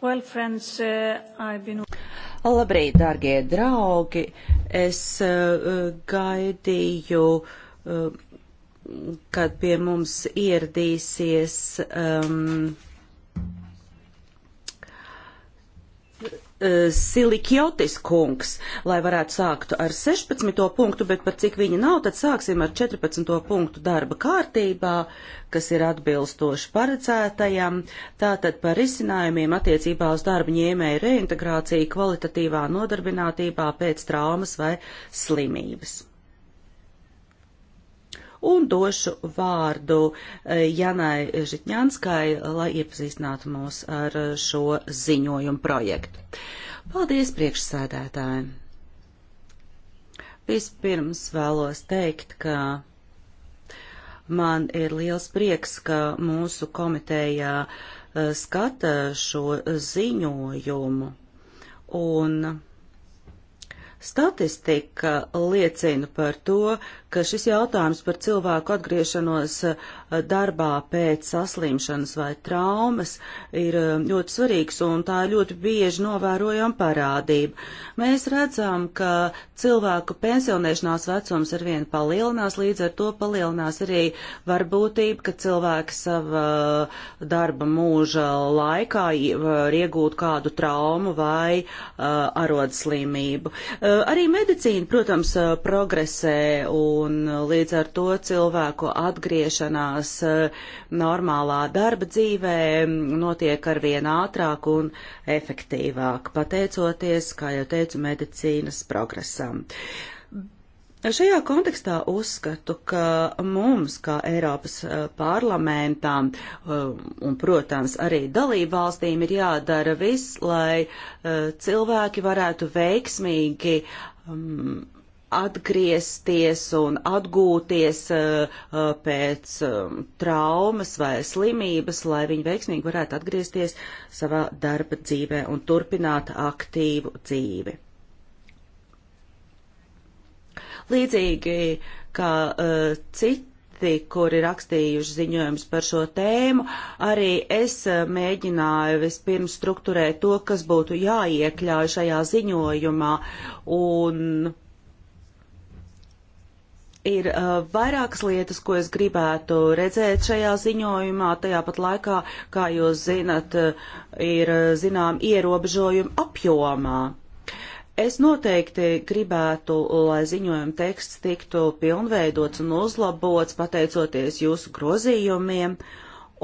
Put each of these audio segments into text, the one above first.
Well, friends, uh, I've been... Labrīt, dārgie draugi! Es uh, gaidīju, uh, kad pie mums ieradīsies um, Eh, Silikjotis kungs, lai varētu sākt ar 16. punktu, bet par cik viņa nav, tad sāksim ar 14. punktu darba kārtībā, kas ir atbilstoši paredzētajam, tātad par risinājumiem attiecībā uz darba ņēmēju reintegrāciju kvalitatīvā nodarbinātībā pēc traumas vai slimības un došu vārdu e, Janai Žitņānskai, lai iepazīstinātu mūs ar šo ziņojumu projektu. Paldies priekšsēdētājiem! Vispirms vēlos teikt, ka man ir liels prieks, ka mūsu komitējā e, skata šo ziņojumu. Un statistika liecina par to, ka šis jautājums par cilvēku atgriešanos eh, darbā pēc saslimšanas vai traumas ir eh, ļoti svarīgs un tā ir ļoti bieži novērojama parādība. Mēs redzam, ka cilvēku pensionēšanās vecums ar vienu palielinās, līdz ar to palielinās arī varbūtība, ka cilvēki sava eh, darba mūža laikā var iegūt kādu traumu vai uh, arodslimību. Uh, arī medicīna, protams, progresē. Un un uh, līdz ar to cilvēku atgriešanās uh, normālā darba dzīvē mm, notiek arvien ātrāk un efektīvāk, pateicoties, kā jau teicu, medicīnas progresam. Šajā kontekstā uzskatu, ka mums, kā Eiropas uh, parlamentām un, protams, arī dalību valstīm ir jādara viss, lai cilvēki varētu veiksmīgi um, atgriezties un atgūties uh, uh, pēc um, traumas vai slimības, lai viņi veiksmīgi varētu atgriezties savā darba dzīvē un turpināt aktīvu dzīvi. Līdzīgi kā citi uh, citi, kuri rakstījuši ziņojumus par šo tēmu, arī es mēģināju vispirms strukturēt to, kas būtu jāiekļauj šajā ziņojumā. Un Ir uh, vairākas lietas, ko es gribētu redzēt šajā ziņojumā. Tajā pat laikā, kā jūs zinat, uh, ir uh, zinām ierobežojumi apjomā. Es noteikti gribētu, lai ziņojuma teksts tiktu pilnveidots un uzlabots pateicoties jūsu grozījumiem.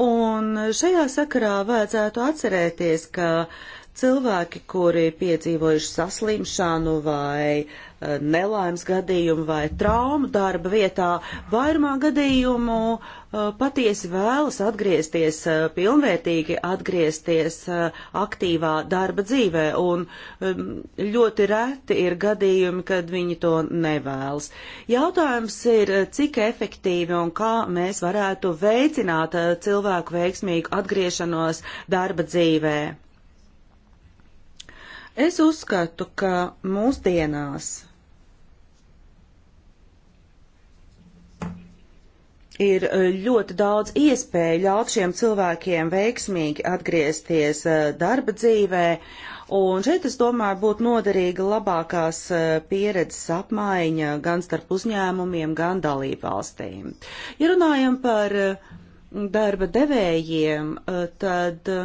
Un šajā sakarā vajadzētu atcerēties, ka Cilvēki, kuri piedzīvojuši saslimšanu vai eh, nelaimes gadījumu vai traumu darba vietā, vairumā gadījumu eh, patiesi vēlas atgriezties, eh, pilnvērtīgi atgriezties aktīvā darba dzīvē, un ehm, ļoti reti ir gadījumi, kad viņi to nevēlas. Jautājums ir, cik efektīvi un kā mēs varētu veicināt cilvēku veiksmīgu atgriešanos darba dzīvē. Es uzskatu, ka mūsdienās ir e, ļoti daudz iespēju ļaut šiem cilvēkiem veiksmīgi atgriezties e, darba dzīvē, un šeit, es domāju, būtu noderīga labākās e, pieredzes apmaiņa gan starp uzņēmumiem, gan dalībvalstīm. Ja runājam par darba devējiem, tad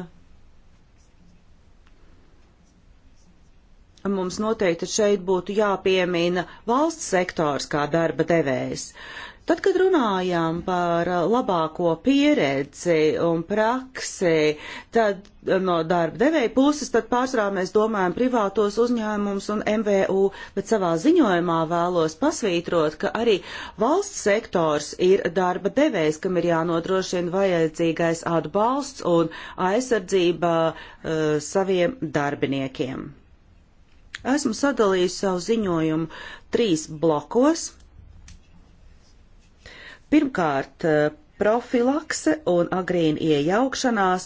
mums noteikti šeit būtu jāpiemina valsts sektors kā darba devējs. Tad, kad runājām par labāko pieredzi un praksi, tad eh, no darba devēja puses, tad pārsvarā mēs domājam privātos uzņēmumus un MVU, bet savā ziņojumā vēlos pasvītrot, ka arī valsts sektors ir darba devējs, kam ir jānodrošina vajadzīgais atbalsts un aizsardzība uh, saviem darbiniekiem. Esmu sadalījis savu ziņojumu trīs blokos. Pirmkārt, eh, profilakse un agrīna iejaukšanās.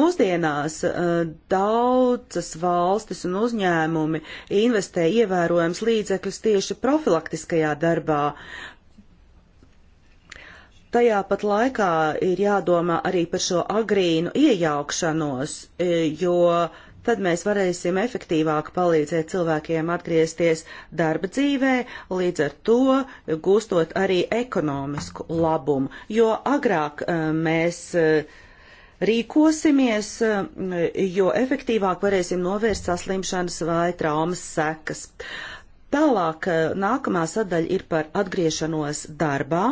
Mūsdienās eh, daudzas valstis un uzņēmumi investē ievērojams līdzekļus tieši profilaktiskajā darbā. Tajā pat laikā ir jādomā arī par šo agrīnu iejaukšanos, eh, jo uh, tad mēs varēsim efektīvāk palīdzēt cilvēkiem atgriezties darba dzīvē, līdz ar to gūstot arī ekonomisku labumu, jo agrāk eh, mēs eh, rīkosimies, eh, jo efektīvāk varēsim novērst saslimšanas vai traumas sekas. Tālāk nākamā sadaļa ir par atgriešanos darbā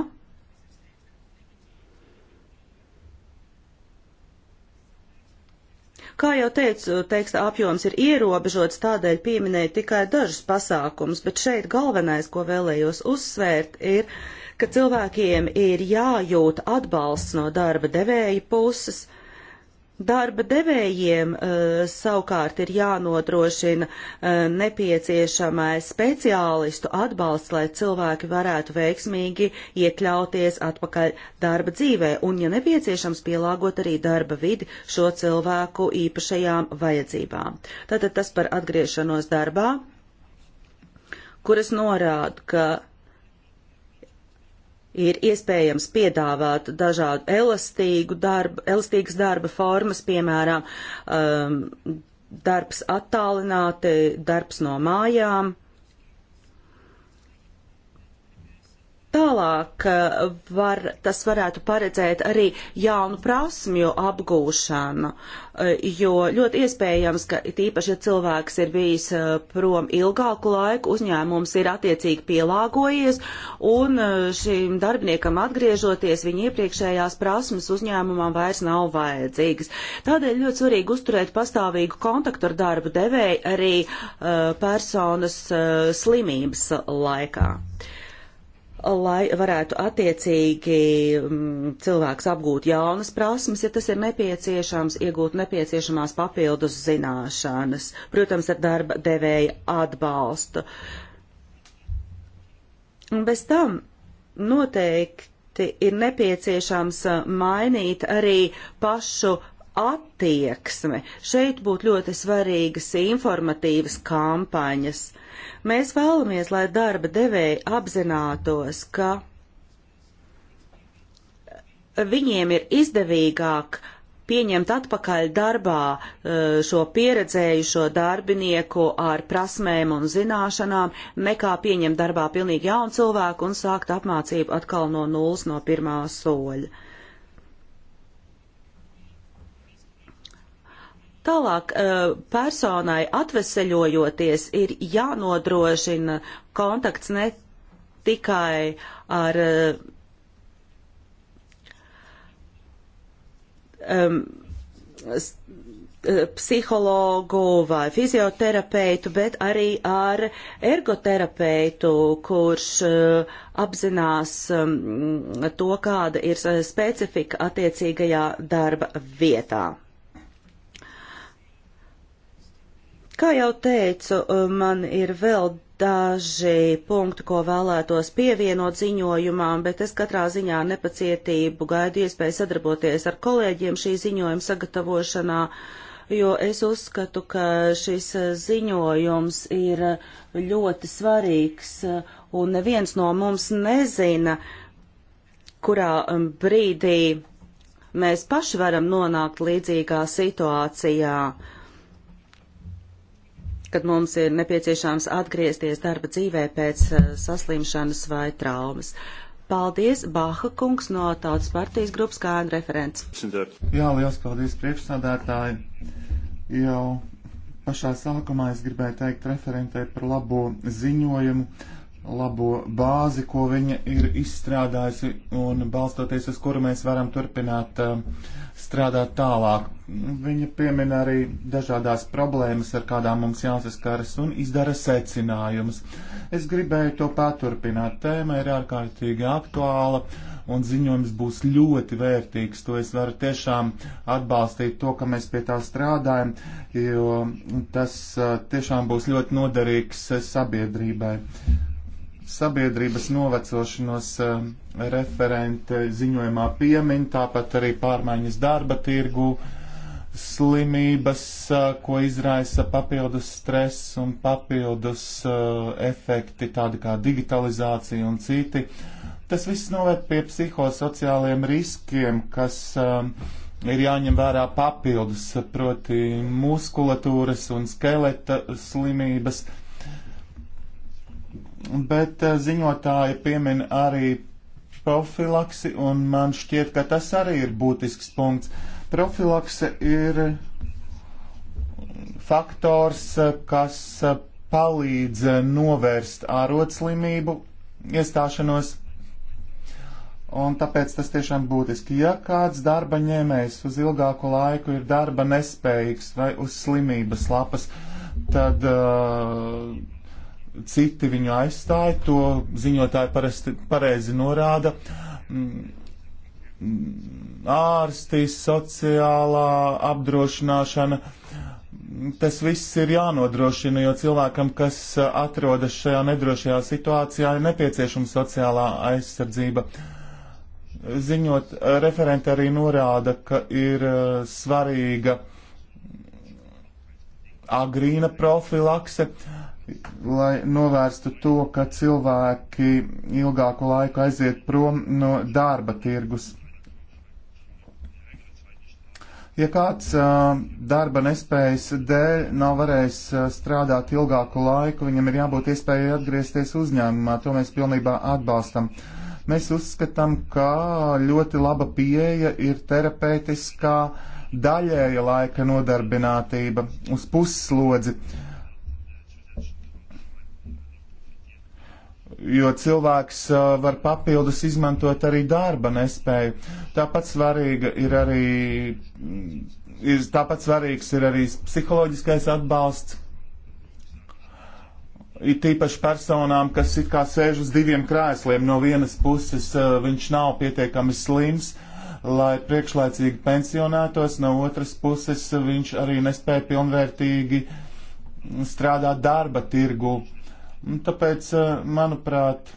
Kā jau teicu, teksta apjoms ir ierobežots, tādēļ pieminēju tikai dažus pasākumus, bet šeit galvenais, ko vēlējos uzsvērt, ir, ka cilvēkiem ir jājūt atbalsts no darba devēja puses, uh, Darba devējiem eh, savukārt ir jānodrošina eh, nepieciešamais speciālistu atbalsts, lai cilvēki varētu veiksmīgi iekļauties atpakaļ darba dzīvē un, ja nepieciešams, pielāgot arī darba vidi šo cilvēku īpašajām vajadzībām. Tātad tas par atgriešanos darbā, kuras norāda, ka ir iespējams piedāvāt dažādu elastīgu darbu, elastīgas darba formas, piemēram, um, darbs attālināti, darbs no mājām. Tālāk eh, var, tas varētu paredzēt arī jaunu prasmju apgūšanu, eh, jo ļoti iespējams, ka tīpaši, ja cilvēks ir bijis eh, prom ilgāku laiku, uzņēmums ir attiecīgi pielāgojies, un šim darbiniekam atgriežoties, viņa iepriekšējās prasmes uzņēmumam vairs nav vajadzīgas. Tādēļ ļoti svarīgi uzturēt pastāvīgu kontaktu ar darba devēju arī uh, personas uh, slimības laikā. Uh, lai varētu attiecīgi mm, cilvēks apgūt jaunas prasmes, ja tas ir nepieciešams, iegūt nepieciešamās papildus zināšanas, protams, ar darba devēja atbalstu. Un bez tam noteikti ir nepieciešams mainīt arī pašu attieksmi. Šeit būtu ļoti svarīgas informatīvas kampaņas Mēs vēlamies, lai darba devēji apzinātos, ka viņiem ir izdevīgāk pieņemt atpakaļ darbā eh, šo pieredzējušo darbinieku ar prasmēm un zināšanām, nekā pieņemt darbā pilnīgi jaunu cilvēku un sākt apmācību atkal no nulles no pirmā soļa. Tālāk eh, personai atveseļojoties ir jānodrošina kontakts ne tikai ar um, psihologu vai fizioterapeitu, bet arī ar ergoterapeitu, kurš apzinās to, kāda ir specifika attiecīgajā darba vietā. Kā jau teicu, uh, man ir vēl daži punkti, ko vēlētos pievienot ziņojumām, bet es katrā ziņā nepacietību gaidu iespēju sadarboties ar kolēģiem šī ziņojuma sagatavošanā, jo es uzskatu, ka šis uh, ziņojums ir ļoti svarīgs uh, un neviens no mums nezina, kurā um, brīdī mēs paši varam nonākt līdzīgā situācijā kad mums ir nepieciešams atgriezties darba dzīvē pēc eh, saslimšanas vai traumas. Paldies, Bāha kungs no Tautas partijas grupas kā referents. Jā, liels paldies priekšsādātāji. Jau pašā sākumā es gribēju teikt referentē par labo ziņojumu labo bāzi, ko viņa ir izstrādājusi un balstoties uz kuru mēs varam turpināt um, strādāt tālāk. Viņa piemina arī dažādās problēmas, ar kādām mums jāsaskaras un izdara secinājumus. Es gribēju to paturpināt. Tēma ir ārkārtīgi aktuāla un ziņojums būs ļoti vērtīgs. To es varu tiešām atbalstīt to, ka mēs pie tā strādājam, jo tas uh, tiešām būs ļoti noderīgs uh, sabiedrībai sabiedrības novecošanos um, referente ziņojumā piemin, tāpat arī pārmaiņas darba tirgu, slimības, uh, ko izraisa papildus stress un papildus uh, efekti, tādi kā digitalizācija un citi. Tas viss novērt pie psihosociāliem riskiem, kas um, ir jāņem vērā papildus, proti muskulatūras un skeleta slimības bet eh, ziņotāji piemin arī profilaksi, un man šķiet, ka tas arī ir būtisks punkts. Profilakse ir faktors, eh, kas eh, palīdz novērst ārotslimību iestāšanos, un tāpēc tas tiešām būtiski. Ja kāds darba ņēmējs uz ilgāku laiku ir darba nespējīgs vai uz slimības lapas, tad uh, citi viņu aizstāja, to ziņotāji parasti, pareizi norāda. Mm, mm, ārsti, sociālā apdrošināšana, mm, tas viss ir jānodrošina, jo cilvēkam, kas uh, atrodas šajā nedrošajā situācijā, ir nepieciešama sociālā aizsardzība. Ziņot, uh, referenti arī norāda, ka ir uh, svarīga agrīna profilakse. Uh, lai novērstu to, ka cilvēki ilgāku laiku aiziet prom no darba tirgus. Ja kāds uh, darba nespējas dēļ nav varējis uh, strādāt ilgāku laiku, viņam ir jābūt iespējai atgriezties uzņēmumā. To mēs pilnībā atbalstam. Mēs uzskatām, ka ļoti laba pieeja ir terapeitiskā daļēja laika nodarbinātība uz pusslodzi. Uh, jo cilvēks uh, var papildus izmantot arī darba nespēju. Tāpat svarīga ir arī. Mm, ir, tāpat svarīgs ir arī psiholoģiskais atbalsts. Ir tīpaši personām, kas it kā sēž uz diviem krēsliem. No vienas puses uh, viņš nav pietiekami slims, lai priekšlaicīgi pensionētos, no otras puses viņš arī nespēja pilnvērtīgi strādāt darba tirgu. Uh, Tāpēc, eh, manuprāt,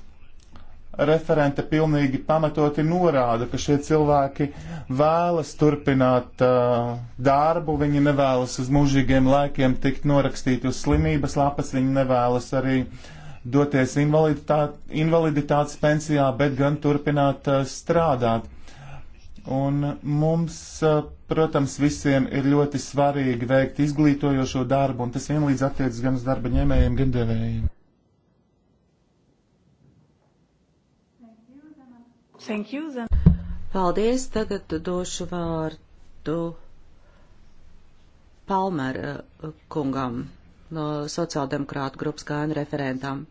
referente pilnīgi pamatoti norāda, ka šie cilvēki vēlas turpināt uh, darbu, viņi nevēlas uz mūžīgiem laikiem tikt norakstīti uz slimības lapas, viņi nevēlas arī doties invaliditā, invaliditātes pensijā, bet gan turpināt uh, strādāt. Un mums, uh, protams, visiem ir ļoti svarīgi veikt izglītojošo darbu, un tas vienlīdz attiecas gan uz darba ņēmējiem, gan devējiem. Thank you. Then... Paldies. Tagad došu vārdu Palmera uh, kungam no sociāldemokrātu grupas kā referentam.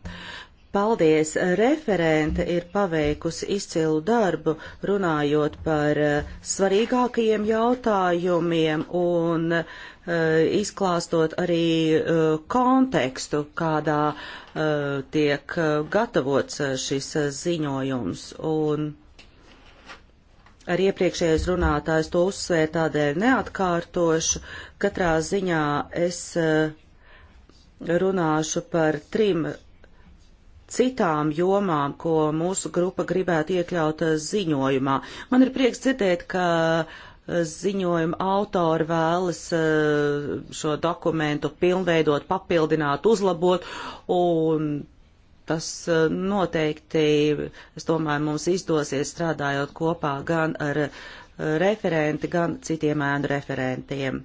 Paldies! Referente ir paveikusi izcilu darbu, runājot par uh, svarīgākajiem jautājumiem un uh, izklāstot arī uh, kontekstu, kādā uh, tiek uh, gatavots šis ziņojums. Un, Arī iepriekšējais runātājs to uzsvēra, tādēļ neatkārtošu. Katrā ziņā es eh, runāšu par trim citām jomām, ko mūsu grupa gribētu iekļaut eh, ziņojumā. Man ir prieks dzirdēt, ka eh, ziņojuma autori vēlas šo dokumentu pilnveidot, papildināt, uzlabot, un tas eh, noteikti, es domāju, mums izdosies strādājot kopā gan ar eh, referenti, gan citiem ēnu referentiem.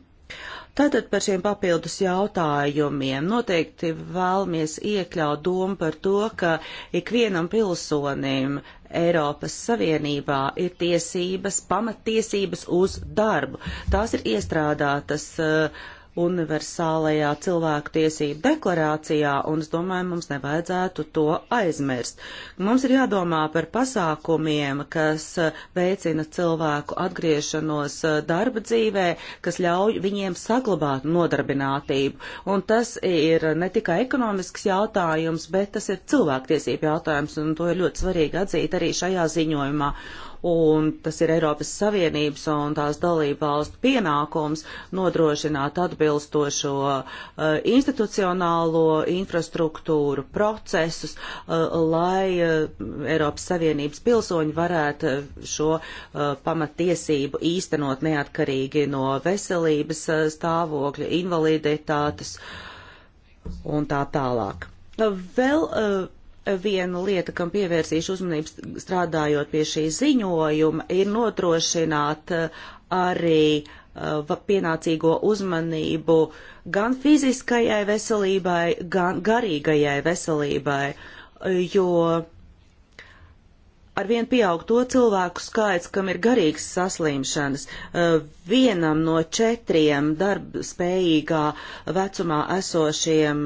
Tātad par šiem papildus jautājumiem noteikti vēlamies iekļaut domu par to, ka ikvienam pilsonim Eiropas Savienībā ir tiesības, pamattiesības uz darbu. Tās ir iestrādātas uh, universālajā cilvēku tiesību deklarācijā, un es domāju, mums nevajadzētu to aizmirst. Mums ir jādomā par pasākumiem, kas uh, veicina cilvēku atgriešanos uh, darba dzīvē, kas ļauj viņiem saglabāt nodarbinātību. Un tas ir ne tikai ekonomisks jautājums, bet tas ir cilvēktiesību jautājums, un to ir ļoti svarīgi atzīt arī šajā ziņojumā un tas ir Eiropas Savienības un tās dalību valstu pienākums nodrošināt atbilstošo uh, institucionālo infrastruktūru procesus, uh, lai uh, Eiropas Savienības pilsoņi varētu šo pamatiesību īstenot neatkarīgi no veselības stāvokļa, invaliditātes un tā tālāk. Vēl uh, Viena lieta, kam pievērsīšu uzmanību strādājot pie šī ziņojuma, ir nodrošināt eh, arī eh, pienācīgo uzmanību gan fiziskajai veselībai, gan garīgajai veselībai, jo uh, arvien pieaug to cilvēku skaits, kam ir garīgas saslimšanas. Vienam no četriem darbspējīgā vecumā esošiem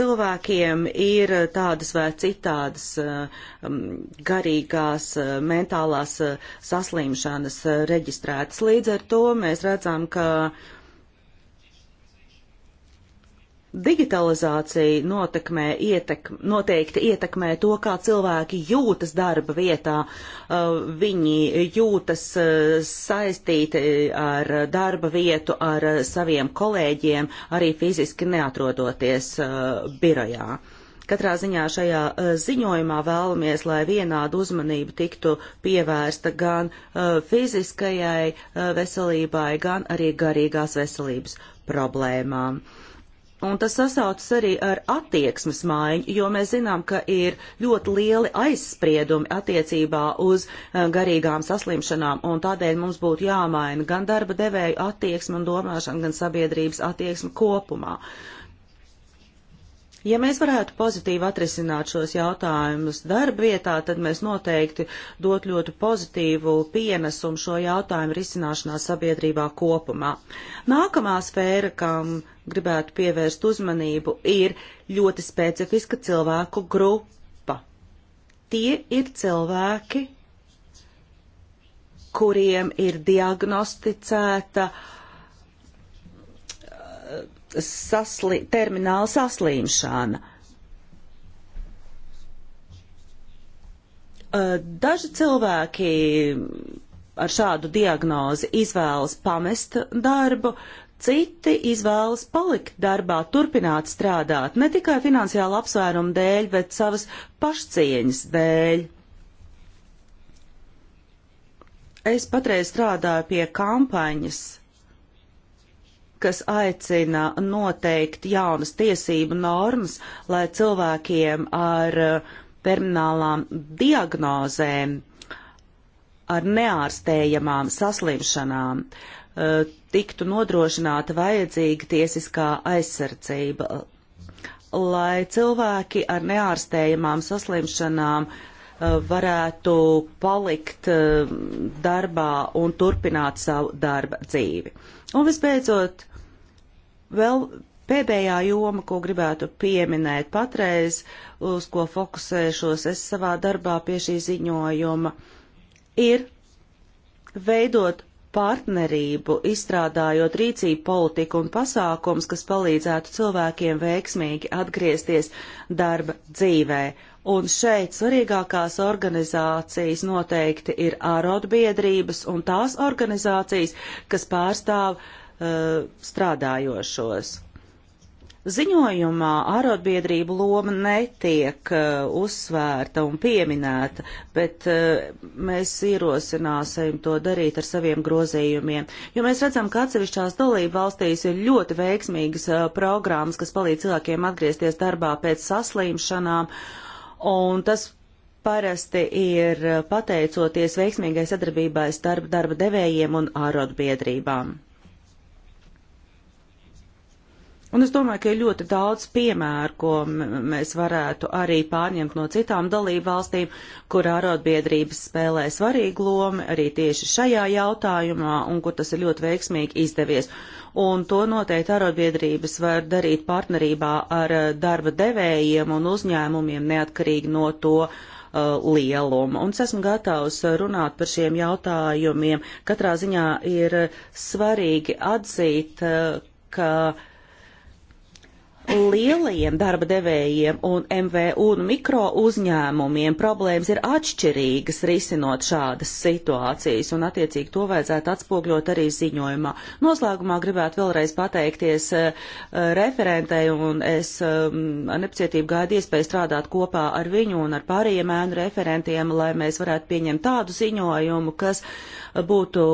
cilvēkiem ir tādas vai citādas garīgās mentālās saslimšanas reģistrētas. Līdz ar to mēs redzam, ka Digitalizācija notekmē, ietek, noteikti ietekmē to, kā cilvēki jūtas darba vietā. Uh, viņi jūtas uh, saistīti uh, ar darba vietu, ar saviem kolēģiem, arī fiziski neatrodoties birojā. Katrā ziņā šajā ziņojumā vēlamies, lai vienāda uzmanība tiktu pievērsta gan fiziskajai veselībai, gan arī garīgās veselības problēmām. Uh, Un tas sasaucas arī ar attieksmes maiņu, jo mēs zinām, ka ir ļoti lieli aizspriedumi attiecībā uz eh, garīgām saslimšanām, un tādēļ mums būtu jāmaina gan darba devēju attieksme un domāšana, gan sabiedrības attieksme kopumā. Uh, Ja mēs varētu pozitīvi atrisināt šos jautājumus darba vietā, tad mēs noteikti dot ļoti pozitīvu pienesumu šo jautājumu risināšanā sabiedrībā kopumā. Nākamā sfēra, kam gribētu pievērst uzmanību, ir ļoti specifiska cilvēku grupa. Tie ir cilvēki, kuriem ir diagnosticēta uh, sasli, termināla saslimšana. Daži cilvēki ar šādu diagnozi izvēlas pamest darbu, Citi izvēlas palikt darbā, turpināt strādāt ne tikai finansiāla apsvēruma dēļ, bet savas pašcieņas dēļ. Es patreiz strādāju pie kampaņas kas aicina noteikt jaunas tiesību normas, lai cilvēkiem ar uh, terminālām diagnozēm, ar neārstējamām saslimšanām uh, tiktu nodrošināta vajadzīga tiesiskā aizsardzība, lai cilvēki ar neārstējamām saslimšanām uh, Eh, varētu palikt eh, darbā un turpināt savu darba dzīvi. Un visbeidzot, vēl pēdējā joma, ko gribētu pieminēt patreiz, uz ko fokusēšos es savā darbā pie šī ziņojuma, ir veidot partnerību, izstrādājot rīcību politiku un pasākums, kas palīdzētu cilvēkiem veiksmīgi atgriezties darba dzīvē Un šeit svarīgākās organizācijas noteikti ir ārotbiedrības un tās organizācijas, kas pārstāv uh, strādājošos. Ziņojumā ārotbiedrību loma netiek uh, uzsvērta un pieminēta, bet uh, mēs ierosināsim to darīt ar saviem grozījumiem, jo mēs redzam, ka atsevišķās dalība valstīs ir ļoti veiksmīgas uh, programmas, kas palīdz cilvēkiem atgriezties darbā pēc saslimšanām. Uh, un tas parasti ir pateicoties veiksmīgai sadarbībai starp darba devējiem un ārotbiedrībām. Un es domāju, ka ir ļoti daudz piemēru, ko mēs varētu arī pārņemt no citām dalību valstīm, kur arotbiedrības spēlē svarīgu lomu arī tieši šajā jautājumā un kur tas ir ļoti veiksmīgi izdevies. Un to noteikti arotbiedrības var darīt partnerībā ar eh, darba devējiem un uzņēmumiem neatkarīgi no to, eh, lielumu. Un es esmu gatavs runāt par šiem jautājumiem. Katrā ziņā ir svarīgi atzīt, eh, ka lielajiem darba devējiem un MVU un mikro uzņēmumiem problēmas ir atšķirīgas risinot šādas situācijas, un attiecīgi to vajadzētu atspogļot arī ziņojumā. Noslēgumā gribētu vēlreiz pateikties eh, referentei, un es ehm, nepacietību gaidu iespēju strādāt kopā ar viņu un ar pārējiem ēnu referentiem, lai mēs varētu pieņemt tādu ziņojumu, kas būtu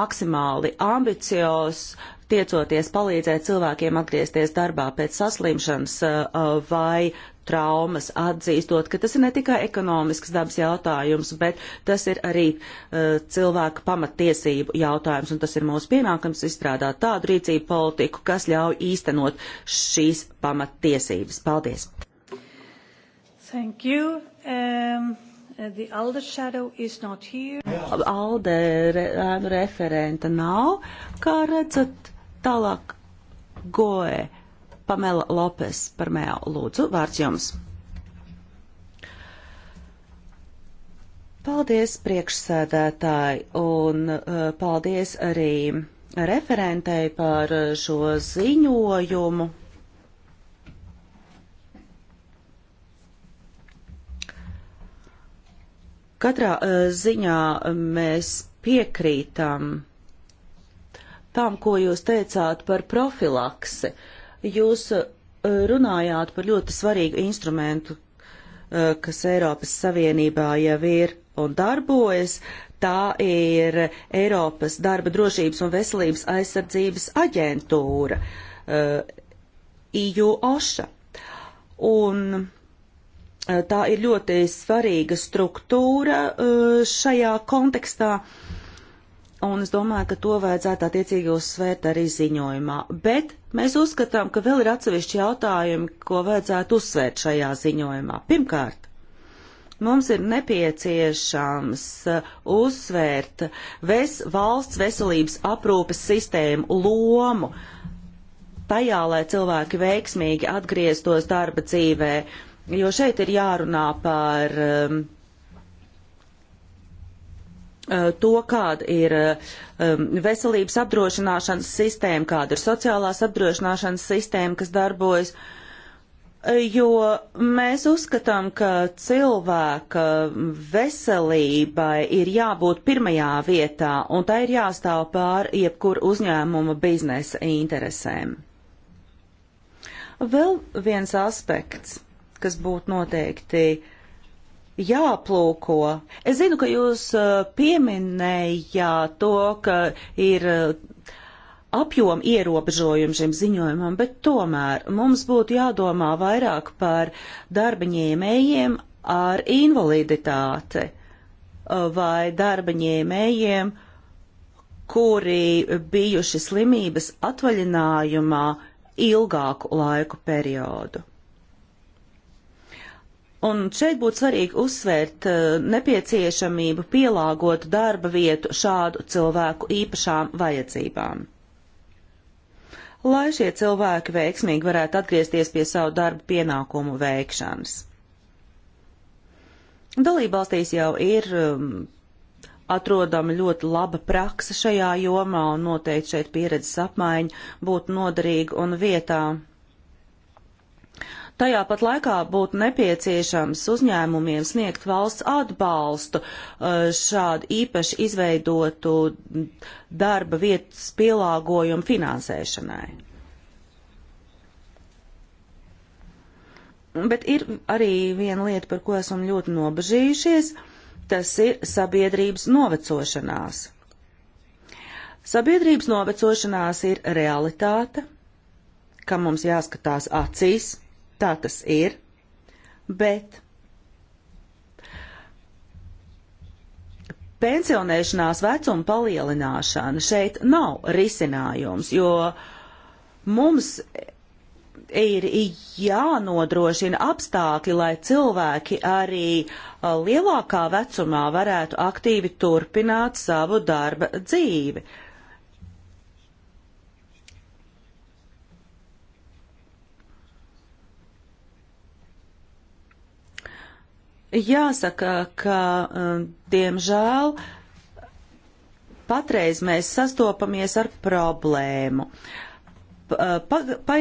maksimāli ambicios, tiecoties palīdzēt cilvēkiem atgriezties darbā pēc saslimšanas uh, uh, vai traumas, atzīstot, ka tas ir ne tikai ekonomisks dabas jautājums, bet tas ir arī uh, cilvēka pamatiesību jautājums, un tas ir mūsu pienākums izstrādāt tādu rīcību politiku, kas ļauj īstenot šīs pamatiesības. Paldies! Thank you. Um... The Alde shadow is not here. Alde re, referenta nav, kā redzat Tālāk Goe Pamela Lopes par mēlu. Lūdzu, vārds jums. Paldies priekšsēdētāji un uh, paldies arī referentei par uh, šo ziņojumu. Katrā uh, ziņā uh, mēs piekrītam tam, ko jūs teicāt par profilaksi. Jūs uh, runājāt par ļoti svarīgu instrumentu, uh, kas Eiropas Savienībā jau ir un darbojas. Tā ir Eiropas darba drošības un veselības aizsardzības aģentūra, uh, IU OŠA. Un tā ir ļoti svarīga struktūra šajā kontekstā. Uh, un es domāju, ka to vajadzētu attiecīgi uzsvērt arī ziņojumā. Bet mēs uzskatām, ka vēl ir atsevišķi jautājumi, ko vajadzētu uzsvērt šajā ziņojumā. Pirmkārt, mums ir nepieciešams uh, uzsvērt ves, valsts veselības aprūpes sistēmu lomu tajā, lai cilvēki veiksmīgi atgrieztos darba dzīvē, jo šeit ir jārunā par um, Eh, to, kāda ir eh, um, veselības apdrošināšanas sistēma, kāda ir sociālās apdrošināšanas sistēma, kas darbojas. Eh, jo mēs uzskatām, ka cilvēka veselībai ir jābūt pirmajā vietā, un tā ir jāstāv pāri jebkuru uzņēmuma biznesa interesēm. Vēl viens aspekts, kas būtu noteikti uh, jāplūko. Es zinu, ka jūs uh, pieminējāt to, ka ir uh, apjoma ierobežojumi šim ziņojumam, bet tomēr mums būtu jādomā vairāk par darba ņēmējiem ar invaliditāti uh, vai darba ņēmējiem, kuri bijuši slimības atvaļinājumā ilgāku laiku periodu. Un šeit būtu svarīgi uzsvērt eh, nepieciešamību pielāgot darba vietu šādu cilvēku īpašām vajadzībām. Lai šie cilvēki veiksmīgi varētu atgriezties pie savu darbu pienākumu veikšanas. Dalībvalstīs jau ir um, atrodama ļoti laba praksa šajā jomā un noteikti šeit pieredzes apmaiņa būtu noderīga un vietā Tajā pat laikā būtu nepieciešams uzņēmumiem sniegt valsts atbalstu uh, šādu īpaši izveidotu darba vietas pielāgojumu finansēšanai. Bet ir arī viena lieta, par ko esam ļoti nobežījušies, tas ir sabiedrības novecošanās. Sabiedrības novecošanās ir realitāte, kam mums jāskatās acīs tā tas ir, bet pensionēšanās vecuma palielināšana šeit nav risinājums, jo mums ir jānodrošina apstākļi, lai cilvēki arī lielākā vecumā varētu aktīvi turpināt savu darba dzīvi. Jāsaka, ka, um, diemžēl, patreiz mēs sastopamies ar problēmu. Uh, pa, pa,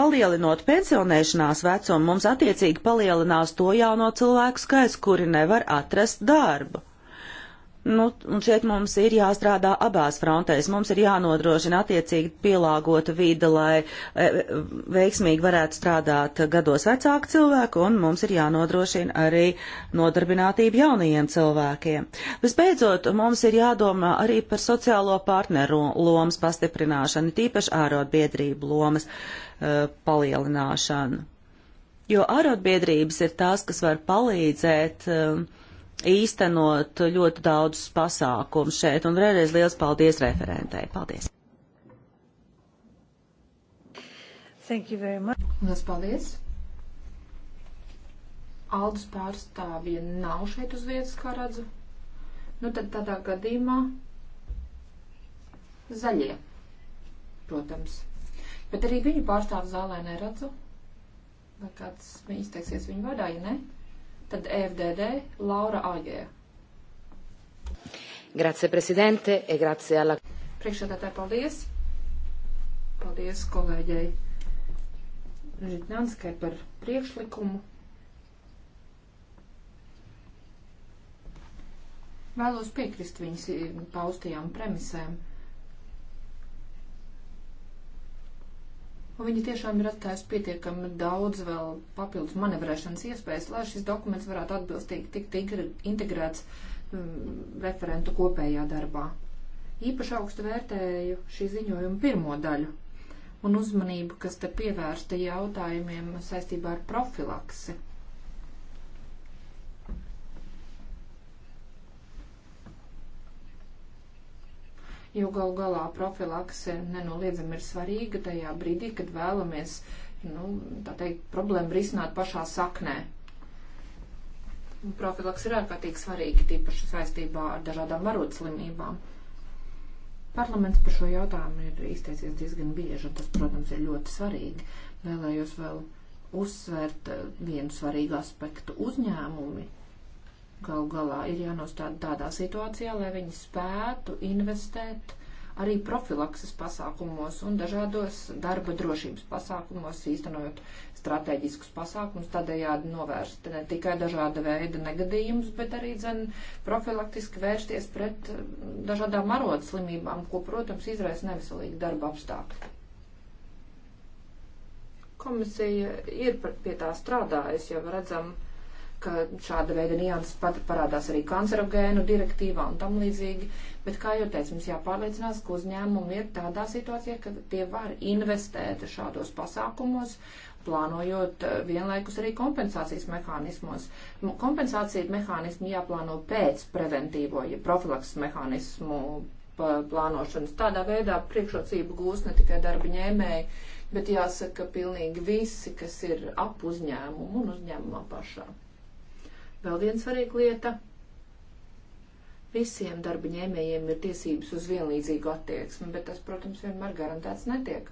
Palielinot pensionēšanās vecumu, mums attiecīgi palielinās to jauno cilvēku skaits, kuri nevar atrast darbu. Nu, un šeit mums ir jāstrādā abās frontēs. Mums ir jānodrošina attiecīgi pielāgota vīda, lai e, veiksmīgi varētu strādāt gados vecāku cilvēku, un mums ir jānodrošina arī nodarbinātība jaunajiem cilvēkiem. Visbeidzot, mums ir jādomā arī par sociālo partneru lomas pastiprināšanu, tīpaši ārotbiedrību lomas uh, palielināšanu. Jo ārotbiedrības ir tās, kas var palīdzēt uh, īstenot ļoti daudzus pasākumus šeit. Un vēlreiz liels paldies referentei. Paldies! Thank you very much. Lielas paldies! Aldus pārstāvja nav šeit uz vietas, kā redzu. Nu tad tādā gadījumā zaļie, protams. Bet arī viņu pārstāvu zālē neredzu. Vai kāds nu, izteiksies viņu vadā, ja ne? Tad FDD Laura Agē. Grazie, prezidente, e grazie alla. Priekšsēdētāji, paldies. Paldies kolēģei Žitņanskai par priekšlikumu. Vēlos piekrist viņas paustajām premisēm. un viņi tiešām ir atstājuši pietiekami daudz vēl papildus manevrēšanas iespējas, lai šis dokuments varētu atbilstīgi tikt integrēts um, referentu kopējā darbā. Īpaši augstu vērtēju šī ziņojuma pirmo daļu un uzmanību, kas te pievērsta jautājumiem saistībā ar profilaksi jo gal galā profilakse nenoliedzami ir svarīga tajā brīdī, kad vēlamies, nu, tā teikt, problēmu risināt pašā saknē. Profilaks ir ārkārtīgi svarīgi, tīpaši saistībā ar dažādām varotslimībām. Parlaments par šo jautājumu ir izteicies diezgan bieži, un tas, protams, ir ļoti svarīgi. Vēlējos vēl uzsvērt eh, vienu svarīgu aspektu uzņēmumi Gal galā ir jānostāda tādā situācijā, lai viņi spētu investēt arī profilakses pasākumos un dažādos darba drošības pasākumos, īstenojot strateģiskus pasākumus, tādējādi novērst ne tikai dažāda veida negadījumus, bet arī dzen profilaktiski vērsties pret mm, dažādām arodslimībām, ko, protams, izraisa neveselīgi darba apstākļi. Komisija ir pie tā strādājusi, jau redzam, uh, ka šāda veida nianses pat parādās arī kancerogēnu direktīvā un tam līdzīgi. Bet, kā jau teicu, mums jāpārliecinās, ka uzņēmumi ir tādā situācijā, ka tie var investēt šādos pasākumos, plānojot eh, vienlaikus arī kompensācijas mehānismos. Kompensācija mehānismi jāplāno pēc preventīvo, ja profilaks mehānismu plānošanas. Tādā veidā priekšrocību gūs ne tikai darba ņēmēji, bet jāsaka pilnīgi visi, kas ir ap uzņēmumu un uzņēmumā pašā. Vēl viena svarīga lieta. Visiem darba ņēmējiem ir tiesības uz vienlīdzīgu attieksmi, bet tas, protams, vienmēr garantēts netiek.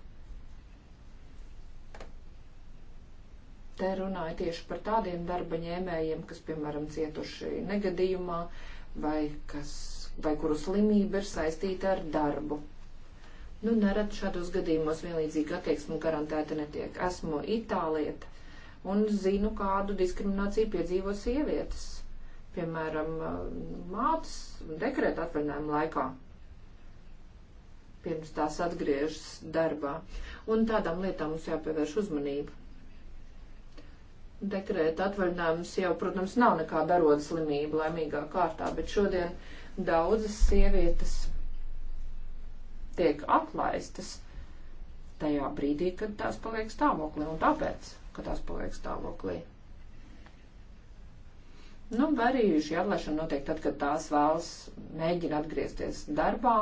Te runāja tieši par tādiem darba ņēmējiem, kas, piemēram, cietuši negadījumā vai, kas, vai kuru slimība ir saistīta ar darbu. Nu, nerad šādos gadījumos vienlīdzīga attieksme garantēta netiek. Esmu itālieta, un zinu, kādu diskrimināciju piedzīvo sievietes, piemēram, mātes dekrēta atvaļinājuma laikā pirms tās atgriežas darbā. Un tādām lietām mums jāpievērš uzmanība. Dekrēta atvaļinājums jau, protams, nav nekāda aroda slimība laimīgā kārtā, bet šodien daudzas sievietes tiek atlaistas tajā brīdī, kad tās paliek stāvoklī. Un tāpēc ka tās paliek stāvoklī. Nu, vai arī šī atlaišana notiek tad, kad tās vēlas mēģina atgriezties darbā,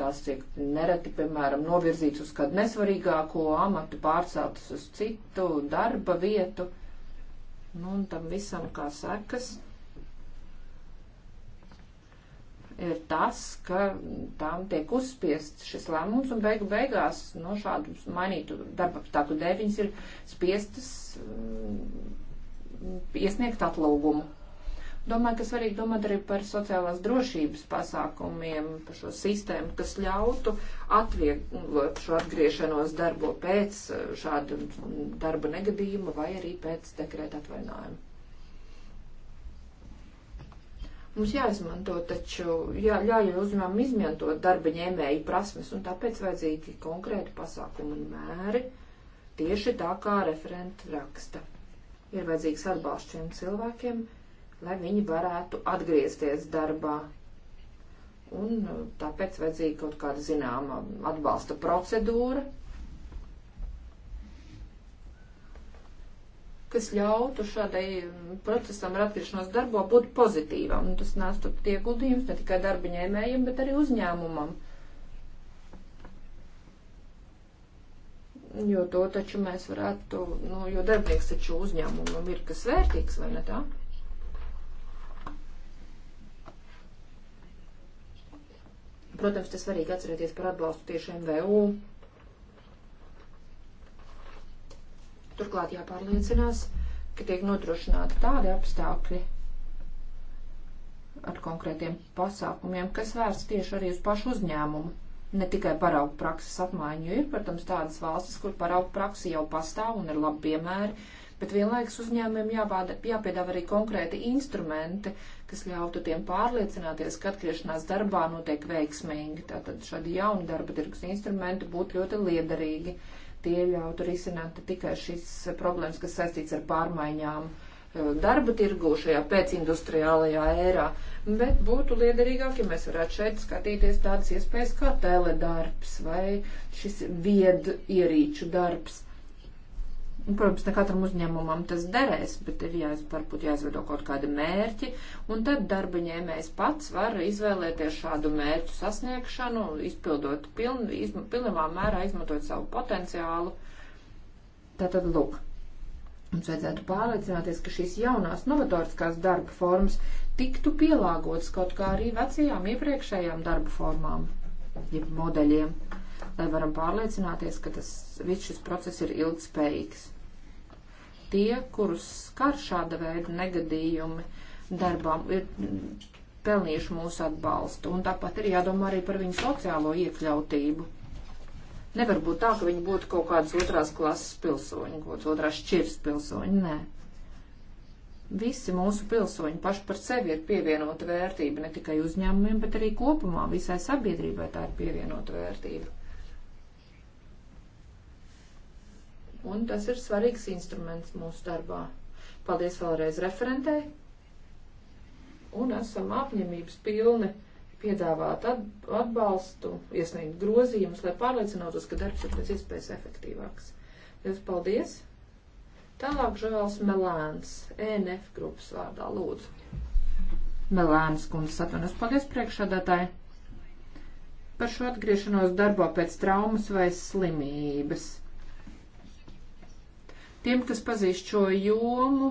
tās tiek nereti, piemēram, novirzīts uz kādu nesvarīgāko amatu, pārceltas uz citu darba vietu. Nu, un tam visam kā sekas ir tas, ka tām tiek uzspiest šis lēmums, un beigu beigās no nu, šādu mainītu darba apstākļu dēļ viņas ir spiestas mm, iesniegt atlūgumu. Domāju, ka svarīgi domāt arī par sociālās drošības pasākumiem, par šo sistēmu, kas ļautu atvieglot šo atgriešanos darbo pēc eh, šāda mm, darba negadījuma vai arī pēc dekrēta atvainājuma. Mums jāizmanto taču, jā, jāļauj uzņēmumu izmantot darba ņēmēju prasmes, un tāpēc vajadzīgi konkrēti pasākumi un mēri, tieši tā kā referenta raksta. Ir vajadzīgs atbalsts šiem cilvēkiem, lai viņi varētu atgriezties darbā. Un uh, tāpēc vajadzīga kaut kāda zināma atbalsta procedūra, kas ļautu šādai mm, procesam ar atgriešanos darbo būt pozitīvam. Un tas nāstu ieguldījums ne tikai darbiņēmējiem, bet arī uzņēmumam. Jo to taču mēs varētu, nu, jo darbinieks taču uzņēmumam ir kas vērtīgs, vai ne tā? Protams, tas svarīgi atcerēties par atbalstu tiešiem VU Turklāt jāpārliecinās, ka tiek nodrošināti tādi apstākļi ar konkrētiem pasākumiem, kas vērsts tieši arī uz pašu uzņēmumu. Ne tikai paraugu prakses apmaiņu, jo ir, protams, tādas valstis, kur paraugu praksi jau pastāv un ir labi piemēri, bet vienlaikus uzņēmumiem jāpiedāvā arī konkrēti instrumenti, kas ļautu tiem pārliecināties, ka atgriešanās darbā notiek veiksmīgi. Tātad šādi jauni darba tirgus instrumenti būtu ļoti liederīgi. Uh, Tie ļautu risināt tikai šīs problēmas, kas saistīts ar pārmaiņām e, darba tirgu šajā pēcindustriālajā ērā, bet būtu liederīgāk, ja mēs varētu šeit skatīties tādas iespējas kā teledarbs vai šis vied ierīču darbs. Protams, ne katram uzņēmumam tas derēs, bet ir jāiz, varbūt jāizveido kaut kādi mērķi, un tad darba ņēmējs pats var izvēlēties šādu mērķu sasniegšanu, izpildot piln, izm, pilnībā mērā, izmantot savu potenciālu. Tātad, lūk, mums vajadzētu pārliecināties, ka šīs jaunās novatoriskās darba formas tiktu pielāgotas kaut kā arī vecajām iepriekšējām darba formām, jeb modeļiem, lai varam pārliecināties, ka tas viss šis process ir ilgspējīgs tie, kurus skar šāda veida negadījumi darbām, ir pelnījuši mūsu atbalstu. Un tāpat ir jādomā arī par viņu sociālo iekļautību. Nevar būt tā, ka viņi būtu kaut kādas otrās klases pilsoņi, kaut kādas otrās šķirs pilsoņi. Nē. Visi mūsu pilsoņi paši par sevi ir pievienota vērtība ne tikai uzņēmumiem, bet arī kopumā visai sabiedrībai tā ir pievienota vērtība. un tas ir svarīgs instruments mūsu darbā. Paldies vēlreiz referentei, un esam apņemības pilni piedāvāt atbalstu, iesniegt grozījumus, lai pārliecinātos, ka darbs ir pēc iespējas efektīvāks. Jūs paldies! Tālāk Žēls Melēns, ENF grupas vārdā, lūdzu. Melēns kundze atvainojas, paldies priekšādātāji par šo atgriešanos darbā pēc traumas vai slimības. Tiem, kas pazīst šo jomu,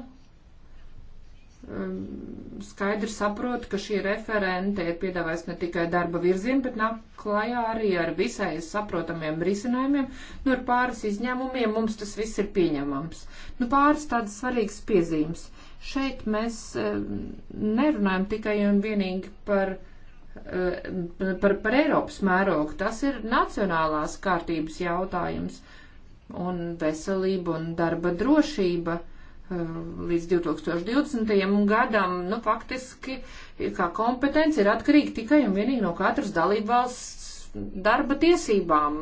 um, skaidri saprot, ka šī referente ir piedāvājis ne tikai darba virzienu, bet nāk klajā arī ar visai saprotamiem risinājumiem. Nu, ar pāris izņēmumiem mums tas viss ir pieņemams. Nu, pāris tādas svarīgas piezīmes. Šeit mēs um, nerunājam tikai un vienīgi par uh, par, par Eiropas mērogu. Tas ir nacionālās kārtības jautājums un veselība un darba drošība eh, līdz 2020. gadam, nu, faktiski, kā kompetence ir atkarīga tikai un vienīgi no katras dalībvalsts darba tiesībām,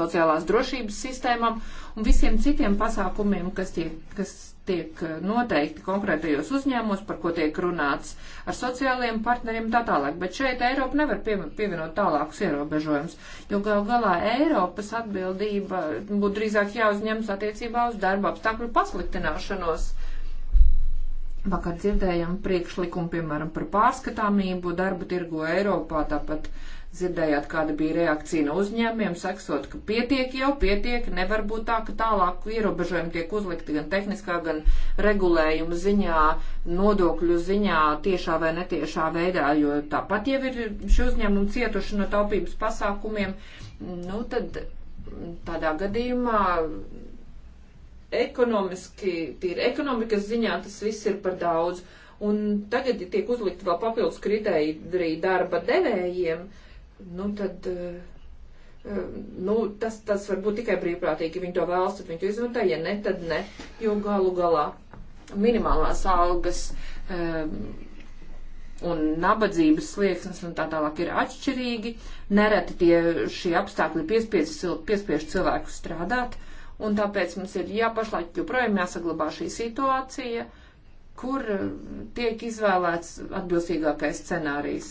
sociālās drošības sistēmām un visiem citiem pasākumiem, kas tiek, kas tiek eh, noteikti konkrētajos uzņēmumos, par ko tiek runāts ar sociālajiem partneriem tā tālāk. Bet šeit Eiropa nevar pievienot tālākus ierobežojumus, jo gal galā Eiropas atbildība būtu drīzāk jāuzņems attiecībā uz darba apstākļu pasliktināšanos. Vakar dzirdējām priekšlikumu, piemēram, par pārskatāmību darba tirgo Eiropā, tāpat Dzirdējāt, kāda bija reakcija no uzņēmiem, saksot, ka pietiek jau, pietiek, nevar būt tā, ka tālāk ierobežojumi tiek uzlikti gan tehniskā, gan regulējuma ziņā, nodokļu ziņā, tiešā vai netiešā veidā, jo tāpat jau ir šie uzņēmumi cietuši no taupības pasākumiem. Nu, tad tādā gadījumā ekonomiski, tīri ekonomikas ziņā tas viss ir par daudz. Un tagad ja tiek uzlikti vēl papildus kritēriji darba devējiem, uh, nu tad, eh, eh, nu, tas, tas var būt tikai brīvprātīgi. Ja viņi to vēlas, tad viņi to izmanto, ja ne, tad ne. Jo galu galā minimālās algas um, un nabadzības slieksnes un tā tālāk ir atšķirīgi. Nereti tie šie apstākļi piespiež, piespiež cilvēku strādāt, un tāpēc mums ir jāpašlaik joprojām jāsaglabā šī situācija, kur tiek izvēlēts atbilstīgākais scenārijs.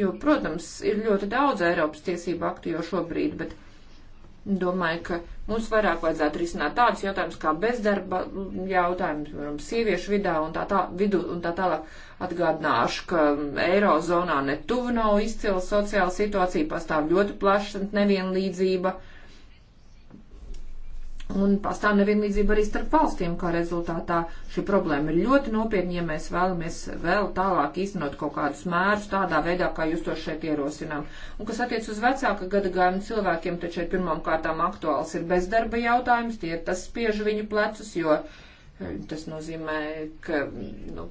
Jo, protams, ir ļoti daudz Eiropas tiesību aktu jau šobrīd, bet domāju, ka mums vairāk vajadzētu risināt tādus jautājumus kā bezdarba jautājums, piemēram, sieviešu vidā un tā, tā, vidu un tā tālāk. Atgādināšu, ka Eirozonā netuvu nav izcila sociāla situācija, pastāv ļoti plaša nevienlīdzība. Uh, Un pastāv nevienlīdzība arī starp valstīm, kā rezultātā šī problēma ir ļoti nopietna, ja mēs vēlamies vēl tālāk īstenot kaut kādus mērus tādā veidā, kā jūs to šeit ierosinām. Un kas attiec uz vecāka gadagājuma cilvēkiem, taču šeit pirmām kārtām aktuāls ir bezdarba jautājums, tie tas spiež viņu plecus, jo eh, tas nozīmē, ka nu,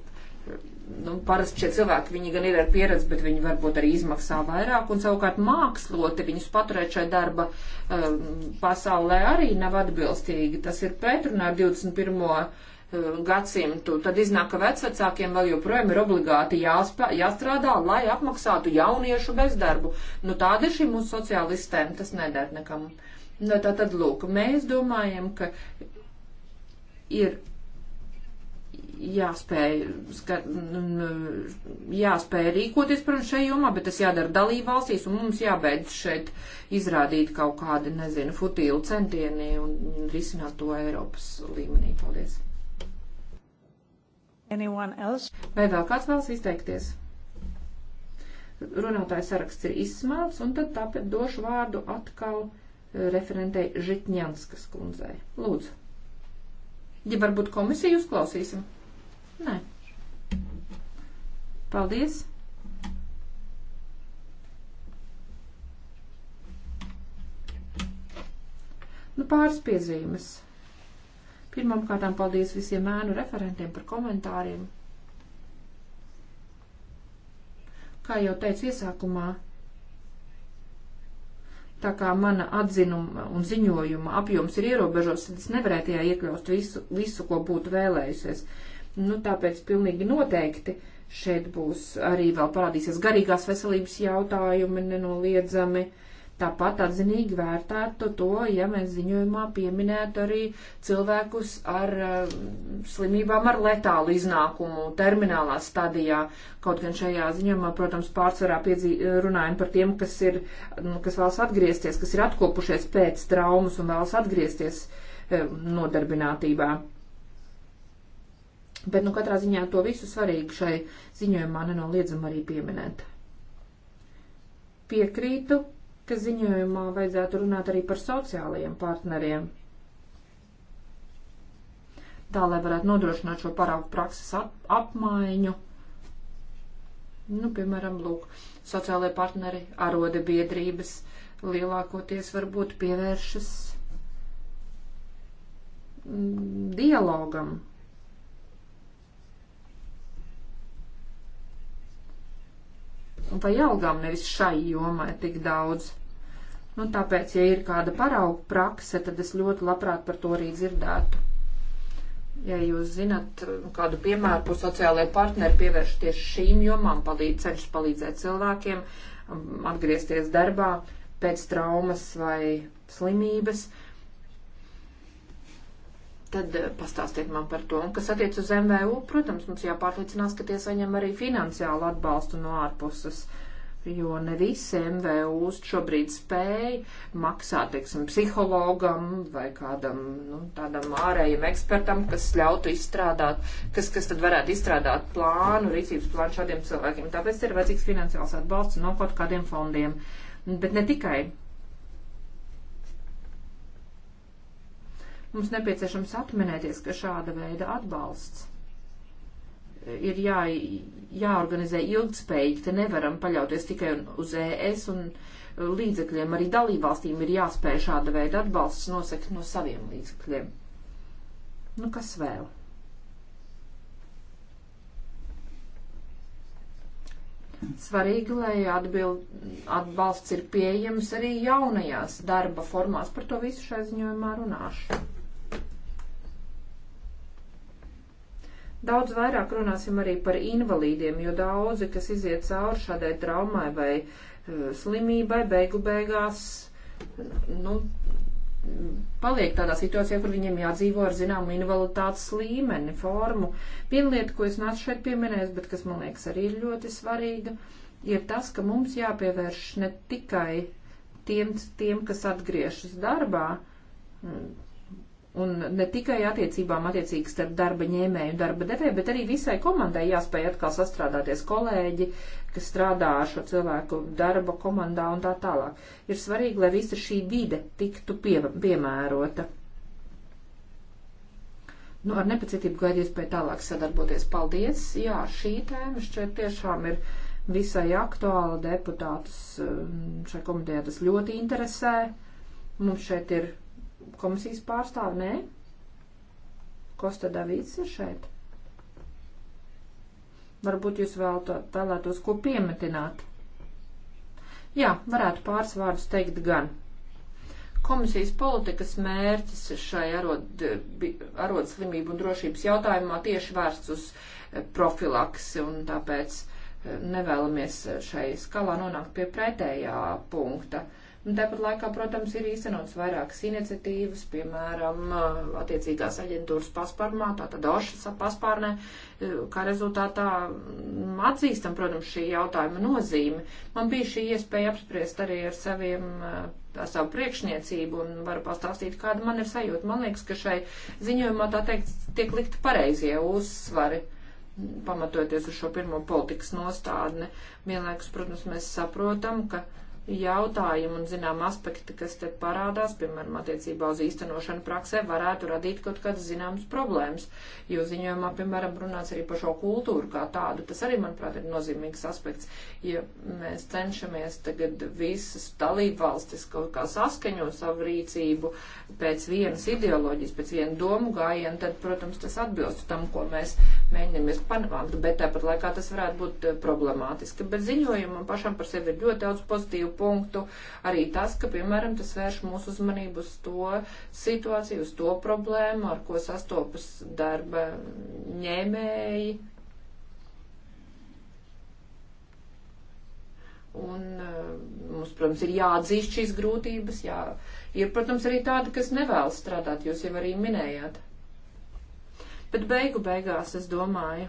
nu, parasti šie cilvēki, viņi gan ir ar pieredzi, bet viņi varbūt arī izmaksā vairāk, un savukārt māksloti viņus paturēt šai darba um, pasaulē arī nav atbilstīgi. Tas ir pretrunā ar 21. Um, gadsimtu. Tad iznāk, ka vecvecākiem vēl joprojām ir obligāti jāspē, jāstrādā, lai apmaksātu jauniešu bezdarbu. Nu, tāda ir šī mūsu sociāla sistēma, tas nedara nekam. Nu, tā tad, lūk, mēs domājam, ka ir jāspēj, skat, jāspēj rīkoties, protams, šajā jomā, bet tas jādara dalībvalstīs, un mums jābeidz šeit izrādīt kaut kādi, nezinu, futīlu centieni un risināt to Eiropas līmenī. Paldies. Vai vēl kāds vēlas izteikties? Runātājs saraksts ir izsmelts, un tad tāpēc došu vārdu atkal eh, referentei Žitņanskas kundzei. Lūdzu. Ja varbūt komisiju uzklausīsim? Nē. Paldies! Nu, pāris piezīmes. Pirmkārt, paldies visiem ēnu referentiem par komentāriem. Kā jau teicu iesākumā, tā kā mana atzinuma un ziņojuma apjoms ir ierobežots, tad es nevarēju tajā iekļaut visu, visu, ko būtu vēlējusies. Nu, tāpēc pilnīgi noteikti šeit būs arī vēl parādīsies garīgās veselības jautājumi nenoliedzami. Tāpat atzinīgi vērtētu to, ja mēs ziņojumā pieminētu arī cilvēkus ar uh, slimībām ar letālu iznākumu terminālā stadijā. Kaut gan šajā ziņojumā, protams, pārsvarā piedzī, runājam par tiem, kas, ir, nu, kas vēlas atgriezties, kas ir atkopušies pēc traumas un vēlas atgriezties uh, nodarbinātībā. Bet, nu, katrā ziņā to visu svarīgu šai ziņojumā nenoliedzam arī pieminēt. Piekrītu, ka ziņojumā vajadzētu runāt arī par sociālajiem partneriem. Tā, lai varētu nodrošināt šo paraugu prakses ap, apmaiņu. Nu, piemēram, lūk, sociālajie partneri, arode biedrības lielākoties varbūt pievēršas mm, dialogam un vai algām nevis šai jomai tik daudz. Nu, tāpēc, ja ir kāda parauga prakse, tad es ļoti labprāt par to arī dzirdētu. Ja jūs zinat kādu piemēru, kur sociālajie partneri pievērš tieši šīm jomām, palīdz, ceļš palīdzēt cilvēkiem atgriezties darbā pēc traumas vai slimības, uh, tad eh, pastāstiet man par to. Un kas attiec uz MVU, protams, mums jāpārliecinās, ka tie saņem arī finansiālu atbalstu no ārpuses. Jo ne visi MVU šobrīd spēj maksāt, teiksim, psihologam vai kādam nu, tādam ārējam ekspertam, kas ļautu izstrādāt, kas, kas tad varētu izstrādāt plānu, rīcības plānu šādiem cilvēkiem. Tāpēc ir vajadzīgs finansiāls atbalsts no kaut kādiem fondiem. Bet ne tikai Mums nepieciešams atminēties, ka šāda veida atbalsts ir jā, jāorganizē ilgspējīgi. Te nevaram paļauties tikai uz ES un līdzekļiem. Arī dalībvalstīm ir jāspēj šāda veida atbalsts nosekt no saviem līdzekļiem. Nu, kas vēl? Svarīgi, lai atbild, atbalsts ir pieejams arī jaunajās darba formās. Par to visu šai ziņojumā runāšu. Daudz vairāk runāsim arī par invalīdiem, jo daudzi, kas iziet cauri šādai traumai vai eh, slimībai, beigu beigās, nu, paliek tādā situācijā, kur viņiem jādzīvo ar zināmu invaliditātes līmeni, formu. Viena lieta, ko es nācu šeit pieminējis, bet kas man liekas arī ir ļoti svarīga, ir tas, ka mums jāpievērš ne tikai tiem, tiem kas atgriežas darbā, Un ne tikai attiecībām attiecīgi starp darba ņēmēju un darba devēju, bet arī visai komandai jāspēj atkal sastrādāties kolēģi, kas strādā ar šo cilvēku darba komandā un tā tālāk. Ir svarīgi, lai visa šī vide tiktu pie, piemērota. Nu, ar nepacietību gaidu iespēju tālāk sadarboties. Paldies! Jā, šī tēma šķiet tiešām ir visai aktuāla deputātus um, šai komitejā tas ļoti interesē. Mums šeit ir komisijas pārstāvi, nē? Kosta Davīds ir šeit. Varbūt jūs vēl to, vēlētos ko piemetināt. Jā, varētu pāris vārdus teikt gan. Komisijas politikas mērķis šai arod, arod slimību un drošības jautājumā tieši vērsts uz eh, profilaksi un tāpēc eh, nevēlamies eh, šai skalā nonākt pie pretējā punkta. Uh, Un tāpat laikā, protams, ir īstenots vairākas iniciatīvas, piemēram, attiecīgās aģentūras paspārnā, tātad Ošas paspārnē, kā rezultātā mm, atzīstam, protams, šī jautājuma nozīme. Man bija šī iespēja apspriest arī ar saviem ar eh, savu priekšniecību un varu pastāstīt, kāda man ir sajūta. Man liekas, ka šai ziņojumā tā teikt, tiek likt pareizie uzsvari pamatoties uz šo pirmo politikas nostādni. Vienlaikus, protams, mēs saprotam, ka uh, jautājumi un, zinām, aspekti, kas te parādās, piemēram, attiecībā uz īstenošanu praksē, varētu radīt kaut kādas zināmas problēmas. Jo ziņojumā, piemēram, runāts arī par šo kultūru kā tādu. Tas arī, manuprāt, ir nozīmīgs aspekts. Ja mēs cenšamies tagad visas dalībvalstis kaut kā saskaņot savu rīcību pēc vienas ideoloģijas, pēc viena domu gājiena, tad, protams, tas atbilst tam, ko mēs mēģinamies panākt. Bet tāpat laikā tas varētu būt eh, problemātiski. Bet ziņojumam pašam par sevi ir ļoti daudz pozitīvu punktu. Arī tas, ka, piemēram, tas vērš mūsu uzmanību uz to situāciju, uz to problēmu, ar ko sastopas darba ņēmēji. Un eh, mums, protams, ir jāatzīst šīs grūtības. Jā. Ir, protams, arī tādi, kas nevēlas strādāt, jūs jau arī minējāt. Bet beigu beigās es domāju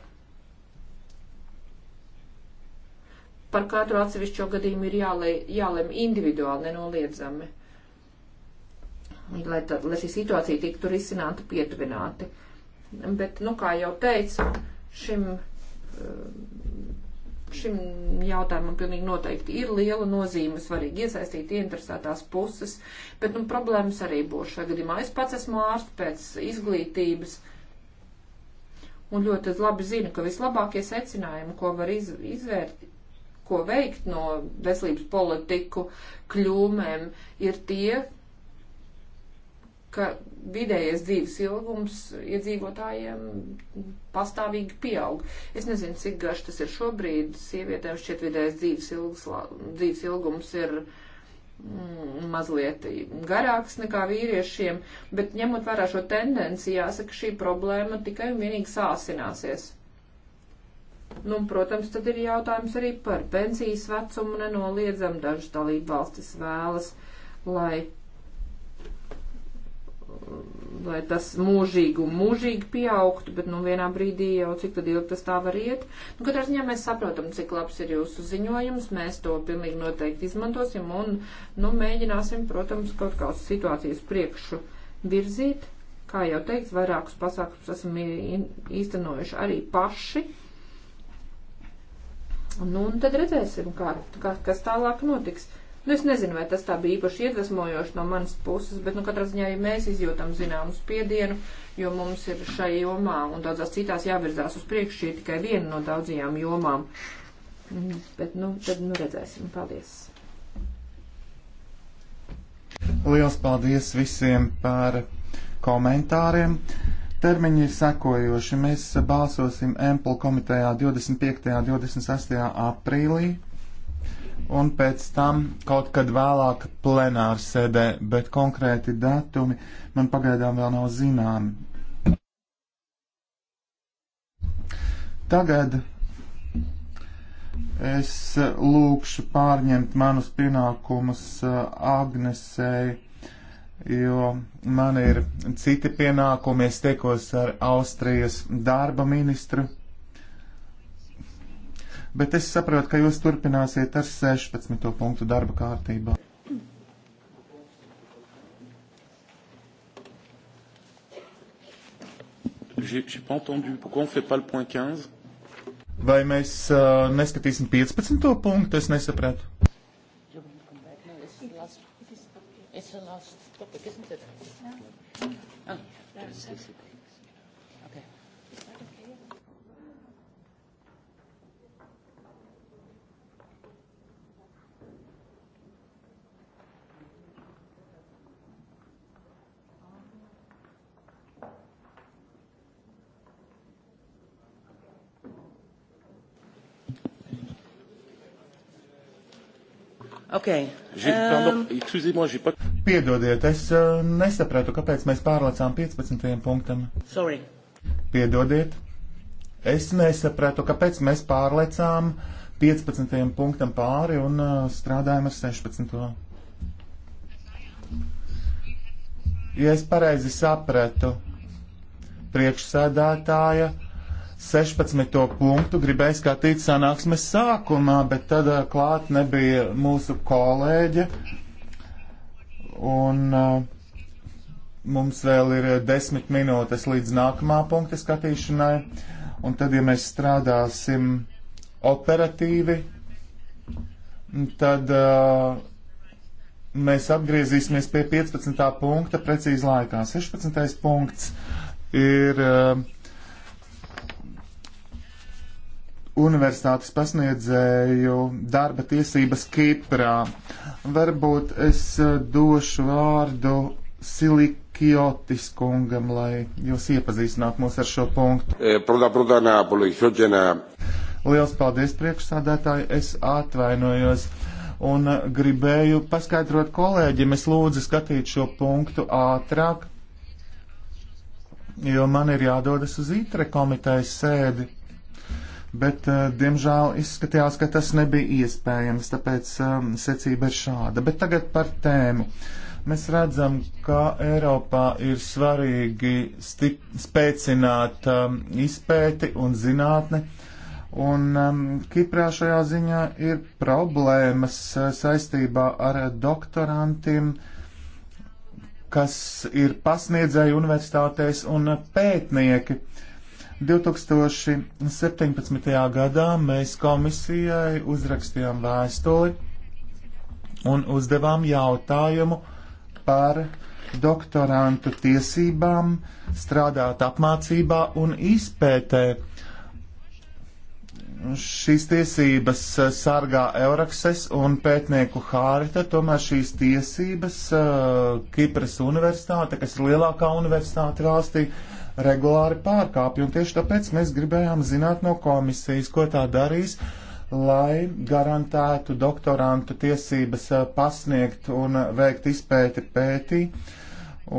par katru atsevišķo gadījumu ir jālē, jālem individuāli nenoliedzami, lai, tā, lai šī situācija tiktu risināta pietuvināti. Bet, nu, kā jau teicu, šim, eh, šim jautājumam pilnīgi noteikti ir liela nozīme, svarīgi iesaistīt interesētās puses, bet, nu, problēmas arī būs šajā gadījumā. Es pats esmu ārsts pēc izglītības un ļoti labi zinu, ka vislabākie secinājumi, ko var iz, izvērt, ko veikt no veselības politiku kļūmēm, ir tie, ka vidējais dzīves ilgums iedzīvotājiem pastāvīgi pieaug. Es nezinu, cik garš tas ir šobrīd. Sievietēm šķiet vidējais dzīves, ilgs, dzīves ilgums ir mm, mazliet garāks nekā vīriešiem, bet ņemot vērā šo tendenci, jāsaka, šī problēma tikai un vienīgi sāsināsies. Nu, protams, tad ir jautājums arī par pensijas vecumu nenoliedzam. Dažas dalība valstis vēlas, lai, lai tas mūžīgi un mūžīgi pieaugtu, bet, nu, vienā brīdī jau cik tad ilgi tas tā var iet. Nu, katrā ziņā mēs saprotam, cik labs ir jūsu ziņojums, mēs to pilnīgi noteikti izmantosim un, nu, mēģināsim, protams, kaut kādas situācijas priekšu virzīt. Kā jau teikt, vairākus pasākumus esam īstenojuši arī paši Nu, un tad redzēsim, kā, kā, kas tālāk notiks. Nu, es nezinu, vai tas tā bija īpaši iedvesmojoši no manas puses, bet, nu, katrā ziņā, ja mēs izjūtam zināmu spiedienu, jo mums ir šai jomā un daudzās citās jāvirzās uz priekšu, šī ir tikai viena no daudzajām jomām. Mm, bet, nu, tad, nu, redzēsim. Paldies! Liels paldies visiem par komentāriem! Termiņi ir sekojoši. Mēs balsosim Emplu komitejā 25. un 26. aprīlī, un pēc tam kaut kad vēlāk plenāra sēdē, bet konkrēti datumi man pagaidām vēl nav zināmi. Tagad es lūkšu pārņemt manus pienākumus uh, Agnesei jo man ir citi pienākumi. Es tikos ar Austrijas darba ministru. Bet es saprotu, ka jūs turpināsiet ar 16. punktu darba kārtībā. Vai mēs uh, neskatīsim 15. punktu? Es nesapratu. It's the last isn't it? No. Oh. There's Okay. Um... Piedodiet, es uh, nesapratu, kāpēc mēs pārlecām 15. punktam. Sorry. Piedodiet, es nesapratu, kāpēc mēs pārlecām 15. punktam pāri un uh, strādājam ar 16. Ja es pareizi sapratu, priekšsēdētāja 16. punktu gribēju skatīt sanāksmes sākumā, bet tad uh, klāt nebija mūsu kolēģe. Un uh, mums vēl ir uh, desmit minūtes līdz nākamā punkta skatīšanai. Un tad, ja mēs strādāsim operatīvi, tad uh, mēs atgriezīsimies pie 15. punkta precīzi laikā. 16. punkts ir. Uh, universitātes pasniedzēju darba tiesības Kiprā. Varbūt es eh, došu vārdu Silikiotis kungam, lai jūs iepazīstinātu mūs ar šo punktu. Protā, eh, protā, Nāpoli, Hoģenā. Liels paldies priekšsādātāji, es atvainojos un eh, gribēju paskaidrot kolēģiem, es lūdzu skatīt šo punktu ātrāk, jo man ir jādodas uz ITRE komitejas sēdi bet, eh, diemžēl, izskatījās, ka tas nebija iespējams, tāpēc eh, secība ir šāda. Bet tagad par tēmu. Mēs redzam, ka Eiropā ir svarīgi stip, spēcināt um, izpēti un zinātni, un um, Kiprā šajā ziņā ir problēmas uh, saistībā ar doktorantiem, kas ir pasniedzēji universitātēs un pētnieki. Uh, 2017. gadā mēs komisijai uzrakstījām vēstuli un uzdevām jautājumu par doktorantu tiesībām strādāt apmācībā un izpētē. Šīs tiesības sargā Eurakses un pētnieku hārta, tomēr šīs tiesības uh, Kipras universitāte, kas ir lielākā universitāte valstī, uh, regulāri pārkāpj, un tieši tāpēc mēs gribējām zināt no komisijas, ko tā darīs, lai garantētu doktorantu tiesības eh, pasniegt un veikt izpēti pētī.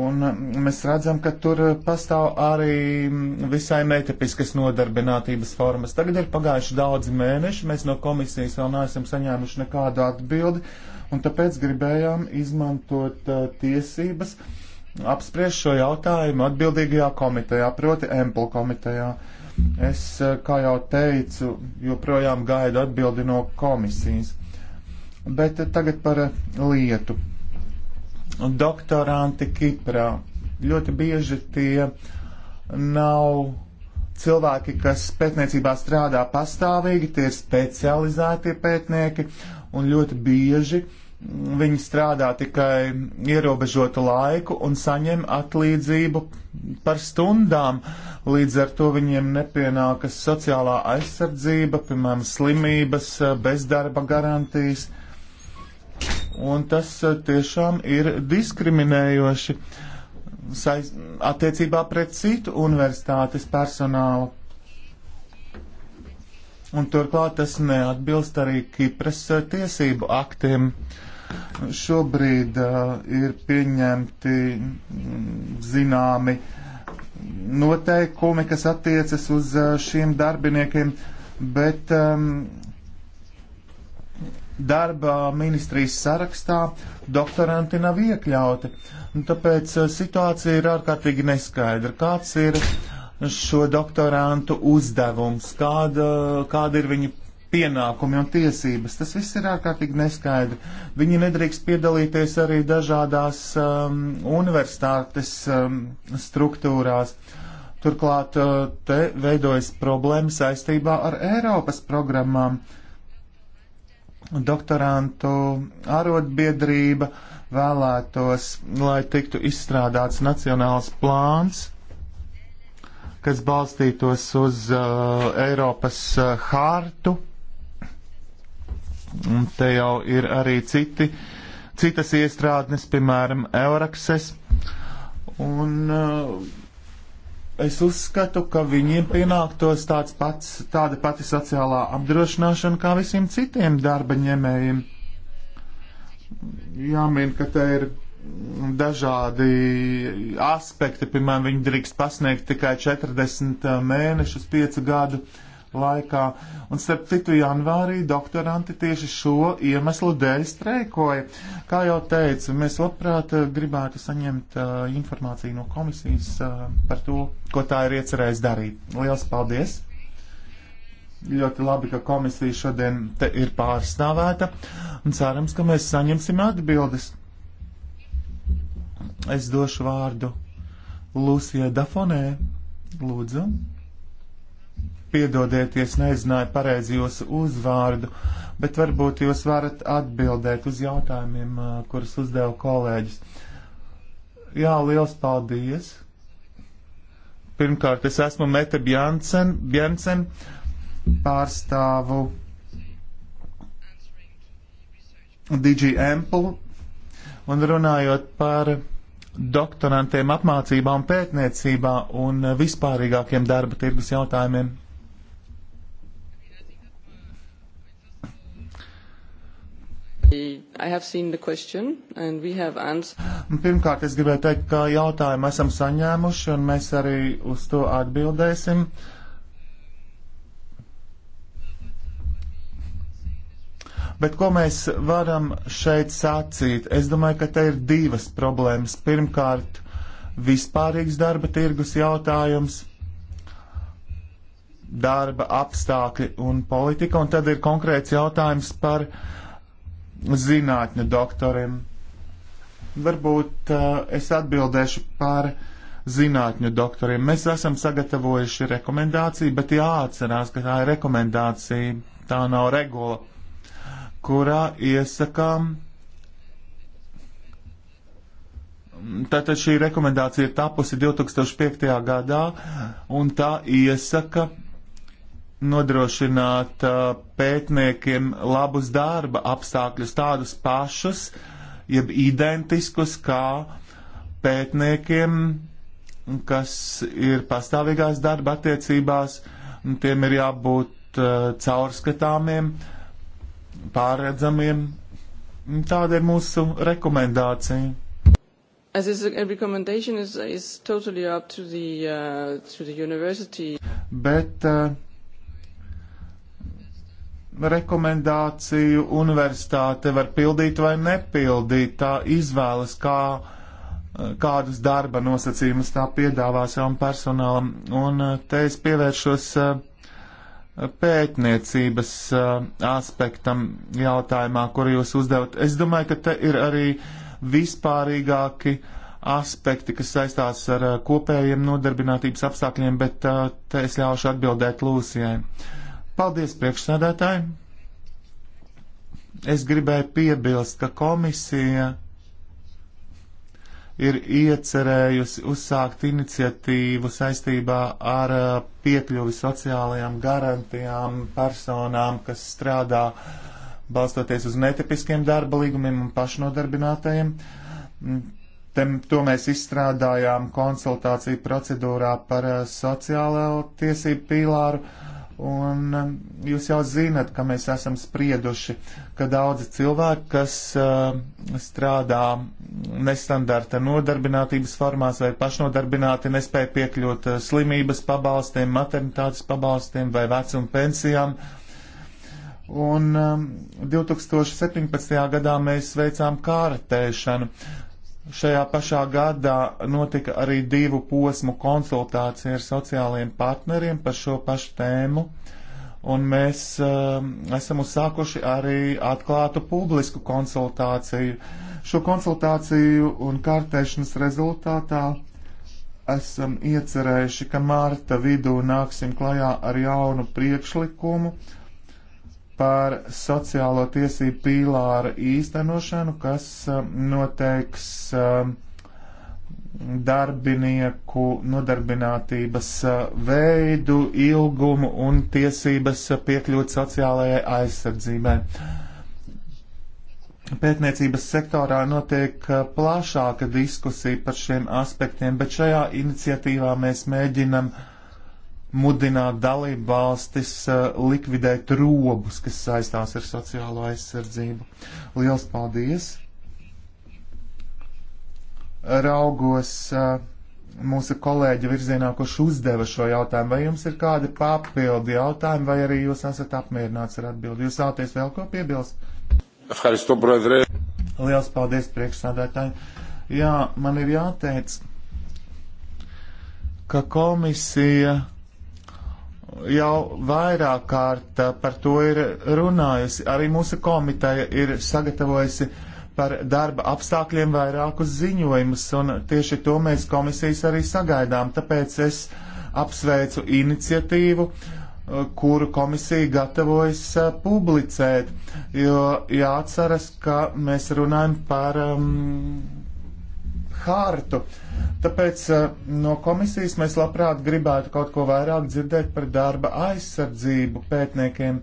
Un mm, mēs redzam, ka tur eh, pastāv arī mm, visai netipiskas nodarbinātības formas. Tagad ir pagājuši daudzi mēneši, mēs no komisijas vēl neesam saņēmuši nekādu atbildi, un tāpēc gribējām izmantot uh, tiesības uh, apspriest šo jautājumu atbildīgajā komitejā, proti Emplu komitejā. Es, eh, kā jau teicu, joprojām gaidu atbildi no komisijas. Bet eh, tagad par eh, lietu. Doktoranti Kiprā. Ļoti bieži tie nav cilvēki, kas pētniecībā strādā pastāvīgi, tie ir specializētie pētnieki, un ļoti bieži uh, viņi strādā tikai ierobežotu laiku un saņem atlīdzību par stundām. Līdz ar to viņiem nepienākas sociālā aizsardzība, piemēram, slimības, bezdarba garantijas. Un tas eh, tiešām ir diskriminējoši saiz, attiecībā pret citu universitātes personālu. Un turklāt tas neatbilst arī Kipras eh, tiesību aktiem. Uh, Šobrīd uh, ir pieņemti mm, zināmi noteikumi, kas attiecas uz uh, šiem darbiniekiem, bet um, darba ministrijas sarakstā doktoranti nav iekļauti. Un tāpēc uh, situācija ir ārkārtīgi neskaidra. Kāds ir šo doktorantu uzdevums, kāda, kāda ir viņa pienākumi un tiesības. Tas viss ir ārkārtīgi neskaidri. Viņi nedrīkst piedalīties arī dažādās um, universitātes um, struktūrās. Turklāt uh, te veidojas problēma saistībā ar Eiropas programmām. Doktorantu arotbiedrība vēlētos, lai tiktu izstrādāts nacionāls plāns kas balstītos uz uh, Eiropas uh, hārtu, uh, Un te jau ir arī citi, citas iestrādnes, piemēram, Eurakses. Un uh, es uzskatu, ka viņiem pienāktos tāds pats, tāda pati sociālā apdrošināšana kā visiem citiem darba ņēmējiem. Jāmin, ka te ir dažādi aspekti, piemēram, viņi drīkst pasniegt tikai 40 uh, mēnešus, 5 gadu uh, laikā. Un starp citu janvārī doktoranti tieši šo iemeslu dēļ streikoja. Kā jau teicu, mēs labprāt eh, gribētu saņemt uh, informāciju no komisijas uh, par to, ko tā ir iecerējis darīt. Lielas paldies! ļoti labi, ka komisija šodien ir pārstāvēta, un cerams, ka mēs saņemsim atbildes. Es došu vārdu Lūsijai Dafonē. Lūdzu piedodieties, nezināju pareizi jūsu uzvārdu, bet varbūt jūs varat atbildēt uz jautājumiem, kurus uzdeva kolēģis. Jā, liels paldies! Pirmkārt, es esmu Mete Bjansen, Bjansen pārstāvu DG Ample un runājot par doktorantiem apmācībā un pētniecībā un vispārīgākiem darba tirgus jautājumiem. Nu, pirmkārt, es gribēju teikt, ka jautājumu esam saņēmuši, un mēs arī uz to atbildēsim. Bet ko mēs varam šeit sacīt? Es domāju, ka te ir divas problēmas. Pirmkārt, vispārīgs darba tirgus jautājums, darba apstākļi un politika, un tad ir konkrēts jautājums par uh, zinātņu doktorim. Varbūt uh, es atbildēšu par zinātņu doktoriem. Mēs esam sagatavojuši rekomendāciju, bet jāatcerās, ka tā ir rekomendācija, tā nav regula, kurā iesakām. Tātad šī rekomendācija ir tapusi 2005. gadā, un tā iesaka nodrošināt uh, pētniekiem labus darba apstākļus, tādus pašus, jeb identiskus kā pētniekiem, kas ir pastāvīgās darba attiecībās, tiem ir jābūt uh, caurskatāmiem, pārredzamiem. Tāda ir mūsu rekomendācija. As is a recommendation is, is totally up to the, uh, to the university. Bet uh, rekomendāciju universitāte var pildīt vai nepildīt. Tā izvēlas, kā, kādus darba nosacījumus tā piedāvā savam personālam. Un eh, te es pievēršos eh, pētniecības eh, aspektam jautājumā, kuru jūs uzdevat. Es domāju, ka te ir arī vispārīgāki aspekti, kas saistās ar kopējiem nodarbinātības apstākļiem, bet te es ļaušu atbildēt Lūsijai. Uh, Paldies priekšsēdētājiem! Es gribēju piebilst, ka komisija ir iecerējusi uzsākt iniciatīvu saistībā ar uh, piekļuvi sociālajām garantijām personām, kas strādā balstoties uz netipiskiem darba līgumiem un pašnodarbinātajiem. Tem, to mēs izstrādājām konsultāciju procedūrā par uh, sociālo tiesību pīlāru. Uh, Un um, jūs jau zinat, ka mēs esam sprieduši, ka daudzi cilvēki, kas uh, strādā nestandarta nodarbinātības formās vai pašnodarbināti, nespēja piekļūt uh, slimības pabalstiem, maternitātes pabalstiem vai vecuma pensijām. Un um, 2017. gadā mēs veicām kārtēšanu, Šajā pašā gadā notika arī divu posmu konsultācija ar sociālajiem partneriem par šo pašu tēmu, un mēs uh, esam uzsākuši arī atklātu publisku konsultāciju. Šo konsultāciju un kārtēšanas rezultātā esam iecerējuši, ka mārta vidū nāksim klajā ar jaunu priekšlikumu, uh, par sociālo tiesību pīlāra īstenošanu, kas eh, noteiks eh, darbinieku nodarbinātības eh, veidu, ilgumu un tiesības piekļūt sociālajai aizsardzībai. Pētniecības sektorā notiek plašāka diskusija par šiem aspektiem, bet šajā iniciatīvā mēs mēģinam uh, mudināt dalību valstis uh, likvidēt robus, kas saistās ar sociālo aizsardzību. Liels paldies! Raugos uh, mūsu kolēģi virzienā, kurš uzdeva šo jautājumu. Vai jums ir kādi papildi jautājumi, vai arī jūs esat apmierināts ar atbildi? Jūs vēlaties vēl ko piebilst? Liels paldies priekšsādātājiem! Jā, man ir jāteic, ka komisija jau vairāk kārt eh, par to ir runājusi. Arī mūsu komiteja ir sagatavojusi par darba apstākļiem vairākus ziņojumus, un tieši to mēs komisijas arī sagaidām. Tāpēc es apsveicu iniciatīvu, eh, kuru komisija gatavojas eh, publicēt, jo jāatceras, ka mēs runājam par. Um, hartu. Tāpēc eh, no komisijas mēs labprāt gribētu kaut ko vairāk dzirdēt par darba aizsardzību pētniekiem.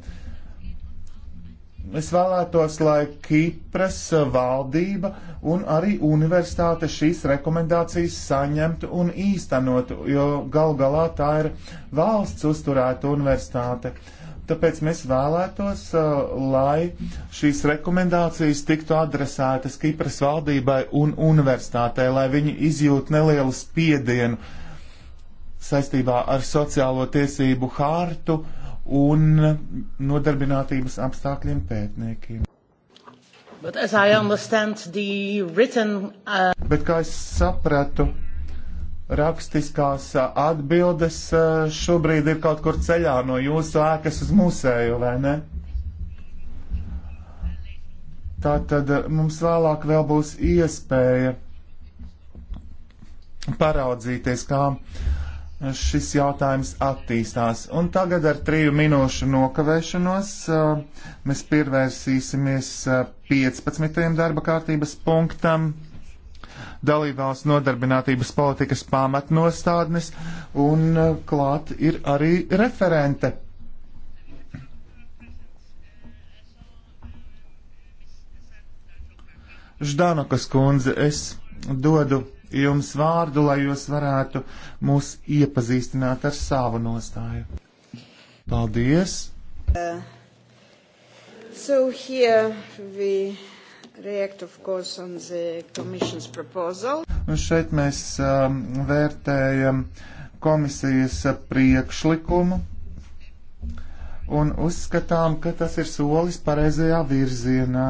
Es vēlētos, lai Kipras valdība un arī universitāte šīs rekomendācijas saņemtu un īstenotu, jo gal galā tā ir valsts uzturēta universitāte. Uh, Tāpēc mēs vēlētos, uh, lai šīs rekomendācijas tiktu adresētas Kipras valdībai un universitātei, lai viņi izjūt nelielu spiedienu saistībā ar sociālo tiesību hārtu un nodarbinātības apstākļiem pētniekiem. But as I understand the written, uh... Bet kā es sapratu, rakstiskās atbildes šobrīd ir kaut kur ceļā no jūsu ēkas uz musēju, vai ne? Tā tad mums vēlāk vēl būs iespēja paraudzīties, kā šis jautājums attīstās. Un tagad ar triju minūšu nokavēšanos mēs pievērsīsimies 15. darba kārtības punktam dalībvalsts nodarbinātības politikas pamatnostādnes, un uh, klāt ir arī referente. Ždanokas kundze, es dodu jums vārdu, lai jūs varētu mūs iepazīstināt ar savu nostāju. Paldies! Uh, so here we react, of course, on the Commission's proposal. Un šeit mēs um, vērtējam komisijas priekšlikumu un uzskatām, ka tas ir solis pareizajā virzienā,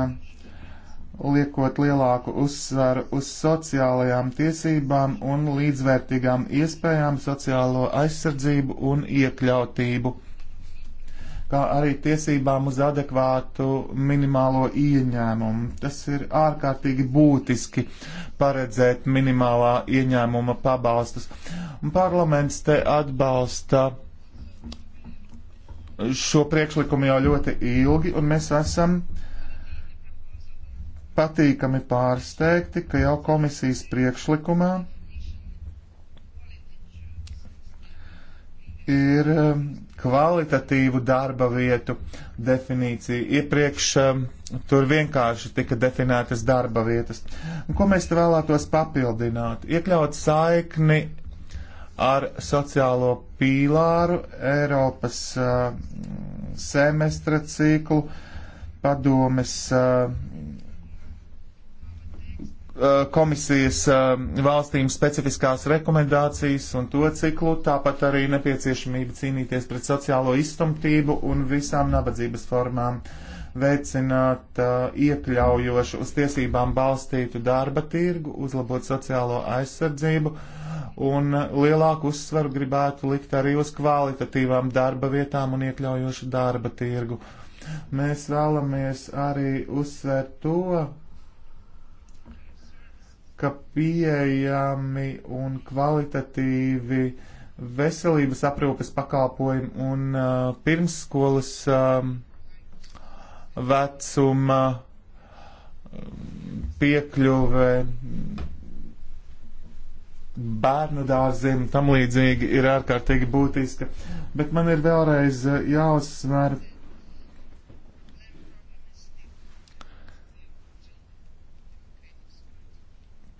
liekot lielāku uzsvaru uz sociālajām tiesībām un līdzvērtīgām iespējām sociālo aizsardzību un iekļautību kā arī tiesībām uz adekvātu minimālo ieņēmumu. Tas ir ārkārtīgi būtiski paredzēt minimālā ieņēmuma pabalstus. Un parlaments te atbalsta šo priekšlikumu jau ļoti ilgi, un mēs esam patīkami pārsteigti, ka jau komisijas priekšlikumā ir um, kvalitatīvu darba vietu definīciju. Iepriekš um, tur vienkārši tika definētas darba vietas. Un, ko mēs te vēlētos papildināt? Iekļaut saikni ar sociālo pīlāru, Eiropas uh, semestra ciklu, padomes uh, Uh, komisijas uh, valstīm specifiskās rekomendācijas un to ciklu, tāpat arī nepieciešamība cīnīties pret sociālo izstumtību un visām nabadzības formām, veicināt uh, iekļaujošu uz tiesībām balstītu darba tirgu, uzlabot sociālo aizsardzību un lielāku uzsvaru gribētu likt arī uz kvalitatīvām darba vietām un iekļaujošu darba tirgu. Mēs vēlamies arī uzsvērt to, ka pieejami un kvalitatīvi veselības aprūpes pakalpojumi un uh, pirmsskolas um, vecuma um, piekļuve bērnu dārziem tam līdzīgi ir ārkārtīgi būtiska. Bet man ir vēlreiz uh, jāuzsver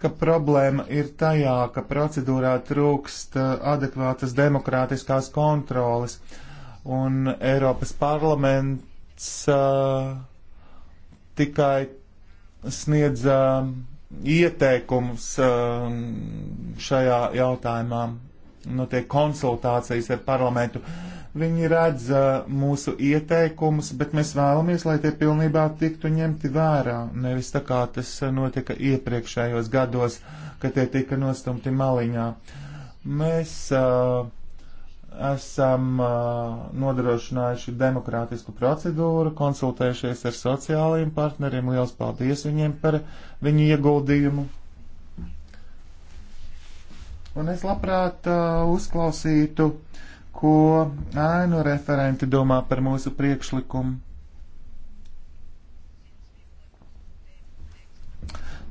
ka problēma ir tajā, ka procedūrā trūkst uh, adekvātas demokrātiskās kontroles, un Eiropas parlaments uh, tikai sniedz uh, ieteikumus uh, šajā jautājumā, notiek nu, konsultācijas ar parlamentu. Uh, Viņi redz mūsu ieteikumus, bet mēs vēlamies, lai tie pilnībā tiktu ņemti vērā, nevis tā kā tas notika iepriekšējos gados, kad tie tika nostumti maliņā. Mēs uh, esam uh, nodrošinājuši demokrātisku procedūru, konsultējušies ar sociālajiem partneriem. Liels paldies viņiem par viņu ieguldījumu. Un es labprāt uh, uzklausītu uh, ko ēnu referenti domā par mūsu priekšlikumu.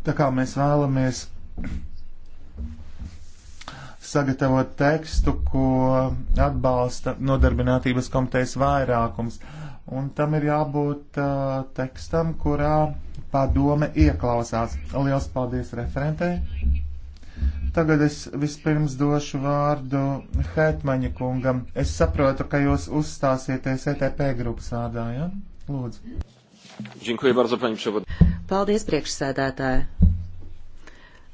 Tā kā mēs vēlamies sagatavot tekstu, ko atbalsta nodarbinātības komitejas vairākums. Un tam ir jābūt uh, tekstam, kurā padome ieklausās. Lielas paldies referentei! Tagad es vispirms došu vārdu Hētmaņa kungam. Es saprotu, ka jūs uzstāsieties ETP grupas vārdā, ja? Lūdzu. Bardzo, Paldies, priekšsēdētāji.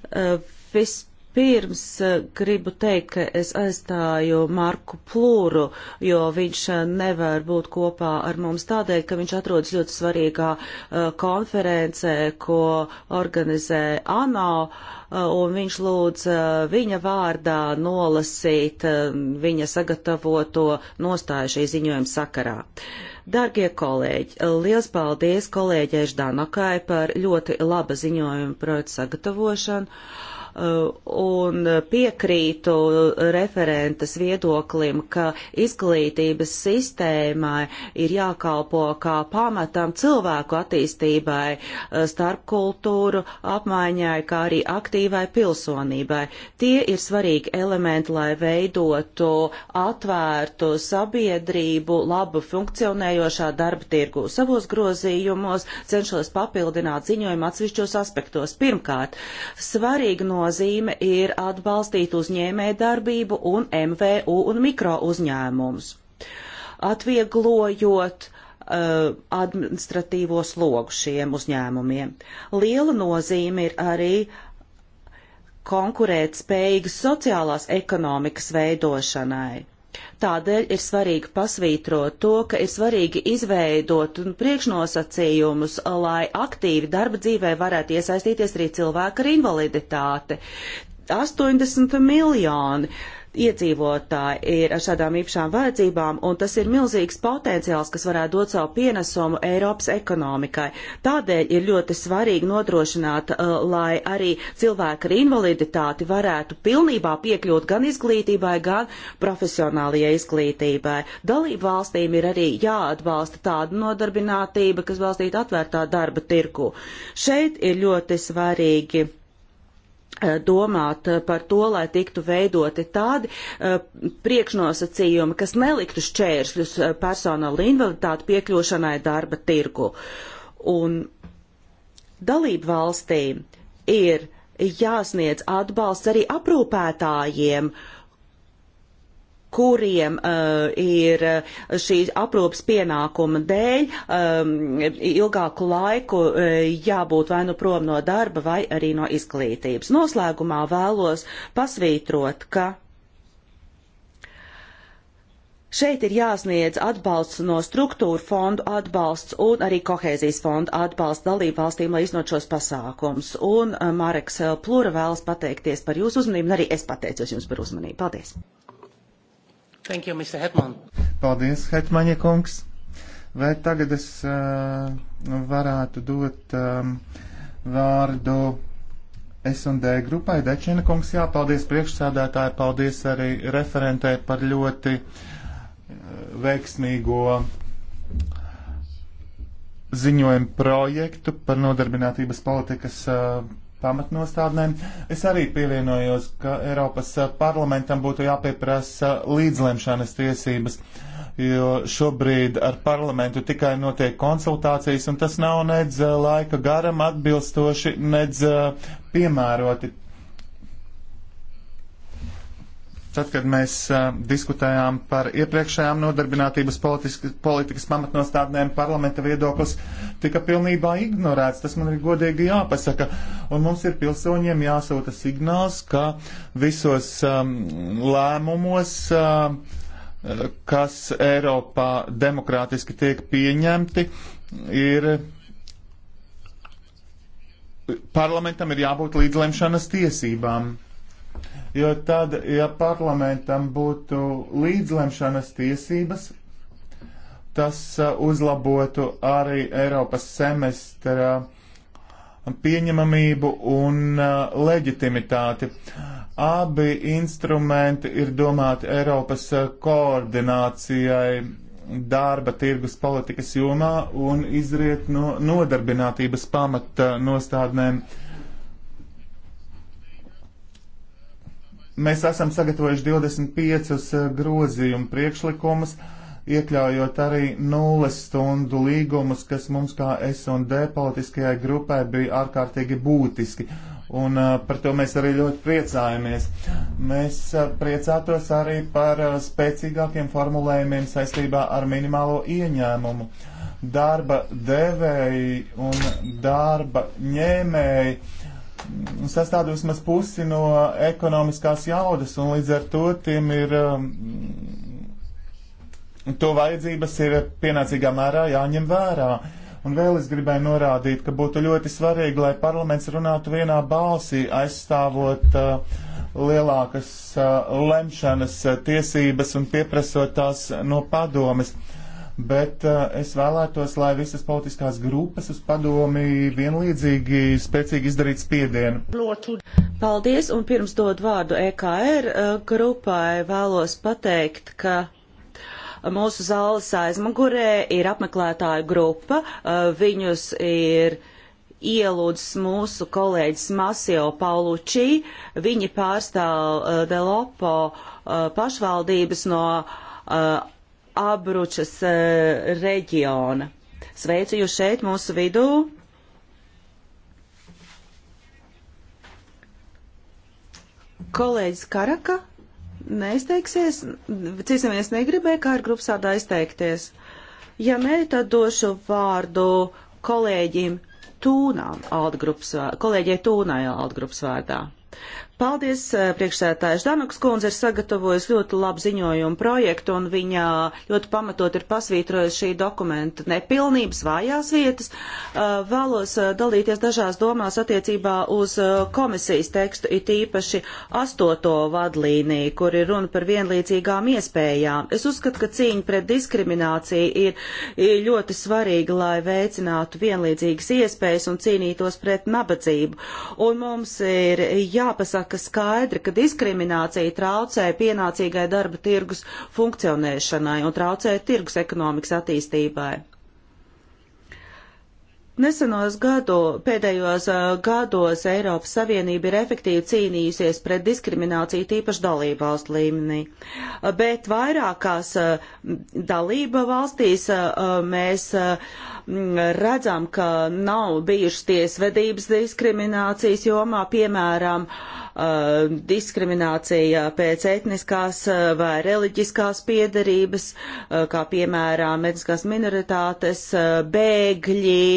Uh, Vispirms Vispirms eh, gribu teikt, ka es aizstāju Marku Plūru, jo viņš eh, nevar būt kopā ar mums tādēļ, ka viņš atrodas ļoti svarīgā eh, konferencē, ko organizē ANO, un viņš lūdz viņa vārdā nolasīt viņa sagatavoto nostāju šī ziņojuma sakarā. Dargie kolēģi, liels paldies kolēģei Ždanokai par ļoti laba ziņojuma projekta sagatavošanu. Uh, un piekrītu referentes viedoklim, ka izglītības sistēmai ir jākalpo kā pamatam cilvēku attīstībai, uh, starpkultūru apmaiņai, kā arī aktīvai pilsonībai. Tie ir svarīgi elementi, lai veidotu atvērtu sabiedrību, labu funkcionējošā darba tirgu. Savos grozījumos cenšos papildināt ziņojumu atsevišķos aspektos. Pirmkārt, svarīgi no nozīme ir atbalstīt uzņēmē darbību un MVU un mikro uzņēmumus, atvieglojot uh, administratīvo slogu šiem uzņēmumiem. Liela nozīme ir arī konkurēt spējīgas sociālās ekonomikas veidošanai Tādēļ ir svarīgi pasvītrot to, ka ir svarīgi izveidot priekšnosacījumus, lai aktīvi darba dzīvē varētu iesaistīties arī cilvēki ar invaliditāti. 80 miljoni. Uh, iedzīvotāji ir ar šādām īpašām vajadzībām, un tas ir milzīgs potenciāls, kas varētu dot savu pienesumu Eiropas ekonomikai. Tādēļ ir ļoti svarīgi nodrošināt, uh, lai arī cilvēki ar invaliditāti varētu pilnībā piekļūt gan izglītībai, gan profesionālajai izglītībai. Dalību valstīm ir arī jāatbalsta tāda nodarbinātība, kas balstīta atvērtā darba tirku. Šeit ir ļoti svarīgi Eh, domāt eh, par to, lai tiktu veidoti tādi uh, priekšnosacījumi, kas neliktu šķēršļus personāla invaliditāte piekļūšanai darba tirgu. Un dalību valstīm ir jāsniedz atbalsts arī aprūpētājiem uh, kuriem uh, ir eh, šī aprūpas pienākuma dēļ um, ilgāku laiku uh, jābūt vai nu prom no darba, vai arī no izglītības. Noslēgumā vēlos pasvītrot, ka Šeit ir jāsniedz atbalsts no struktūra fondu atbalsts un arī kohēzijas fondu atbalsts dalību valstīm, lai iznot šos pasākums. Un Mareks Plura vēlas pateikties par jūsu uzmanību, un arī es pateicos jums par uzmanību. Paldies! Thank you, Mr. Hetman. Paldies, Hetmaņa kungs. Vai tagad es uh, varētu dot um, vārdu S&D grupai? Dečina kungs, jā, paldies priekšsādātāji, paldies arī referentē par ļoti uh, veiksmīgo ziņojumu projektu par nodarbinātības politikas uh, pamatnostādnēm. Es arī pievienojos, ka Eiropas eh, parlamentam būtu jāpieprasa eh, līdzlemšanas tiesības, jo šobrīd ar parlamentu tikai notiek konsultācijas, un tas nav nedz eh, laika garam atbilstoši, nedz piemēroti Tad, kad mēs uh, diskutējām par iepriekšējām nodarbinātības politikas pamatnostādnēm, parlamenta viedoklis tika pilnībā ignorēts. Tas man ir godīgi jāpasaka. Un mums ir pilsoņiem jāsūta signāls, ka visos um, lēmumos, uh, kas Eiropā demokrātiski tiek pieņemti, ir parlamentam ir jābūt līdzlemšanas tiesībām jo tad, ja parlamentam būtu līdzlemšanas tiesības, tas uzlabotu arī Eiropas semestra pieņemamību un leģitimitāti. Abi instrumenti ir domāti Eiropas koordinācijai darba tirgus politikas jomā un izriet no nodarbinātības pamata nostādnēm. Uh, Mēs esam sagatavojuši 25 eh, grozījumu priekšlikumus, iekļaujot arī nulles stundu līgumus, kas mums kā S&D politiskajai grupai bija ārkārtīgi būtiski. Un uh, par to mēs arī ļoti priecājamies. Mēs uh, priecātos arī par uh, spēcīgākiem formulējumiem saistībā ar minimālo ieņēmumu. Darba devēji un darba ņēmēji sastāv vismaz pusi no ekonomiskās jaudas, un līdz ar to tiem ir, um, to vajadzības ir pienācīgā mērā jāņem vērā. Un vēl es gribēju norādīt, ka būtu ļoti svarīgi, lai parlaments runātu vienā balsī, aizstāvot uh, lielākas uh, lemšanas uh, tiesības un pieprasot tās no padomes. Uh, bet uh, es vēlētos, lai visas politiskās grupas uz padomi vienlīdzīgi spēcīgi izdarītu spiedienu. Paldies, un pirms dod vārdu EKR uh, grupai vēlos pateikt, ka mūsu zāles aizmugurē ir apmeklētāju grupa, uh, viņus ir ielūdzis mūsu kolēģis Masio Paulučī, viņi pārstāv uh, Delopo uh, pašvaldības no uh, Abručas e, reģiona. Sveicu jūs šeit mūsu vidū. Kolēģis Karaka neizteiksies, cīsimies negribēja kā ar grupsādā izteikties. Ja nē, tad došu vārdu kolēģim Tūnām, Altgrupas, kolēģei Tūnai Altgrupas vārdā. Paldies, eh, priekšsētājs Danuks kundze ir sagatavojis ļoti labu ziņojumu projektu un viņa ļoti pamatot ir pasvītrojis šī dokumenta nepilnības, vājās vietas. Eh, vēlos eh, dalīties dažās domās attiecībā uz komisijas tekstu, it īpaši astoto vadlīniju, kur ir runa par vienlīdzīgām iespējām. Es uzskatu, ka cīņa pret diskrimināciju ir, ir ļoti svarīga, lai veicinātu vienlīdzīgas iespējas un cīnītos pret nabadzību. Un mums ir jāpasaka, jāpasaka skaidri, ka diskriminācija traucē pienācīgai darba tirgus funkcionēšanai un traucē tirgus ekonomikas attīstībai. Nesenos gadu, pēdējos uh, gados Eiropas Savienība ir efektīvi cīnījusies pret diskrimināciju tīpaši dalību valstu līmenī. Uh, bet vairākās uh, dalība valstīs mēs redzam, ka nav bijušas tiesvedības diskriminācijas jomā, piemēram, uh, diskriminācija pēc etniskās uh, vai reliģiskās piedarības, uh, kā piemēram etniskās minoritātes, bēgļi,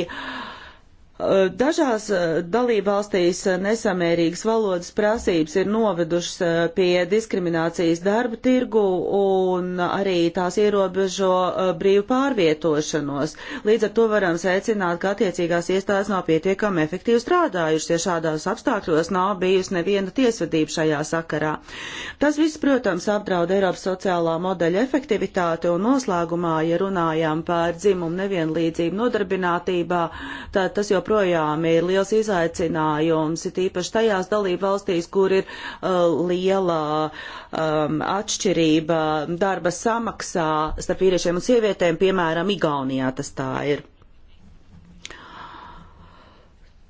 Dažās eh, dalībvalstīs eh, nesamērīgas valodas prasības ir novedušas eh, pie diskriminācijas darba tirgu un arī tās ierobežo brīvu pārvietošanos. Līdz ar to varam secināt, ka attiecīgās iestādes nav pietiekami efektīvi strādājušas, ja šādās apstākļos nav bijusi neviena tiesvedība šajā sakarā. Tas viss, protams, apdraud Eiropas sociālā modeļa efektivitāti un noslēgumā, ja runājām par dzimumu nevienlīdzību nodarbinātībā, tad tas joprojām joprojām ir liels izaicinājums, it īpaši tajās dalību valstīs, kur ir uh, liela um, atšķirība darba samaksā starp vīriešiem un sievietēm, piemēram, Igaunijā tas tā ir.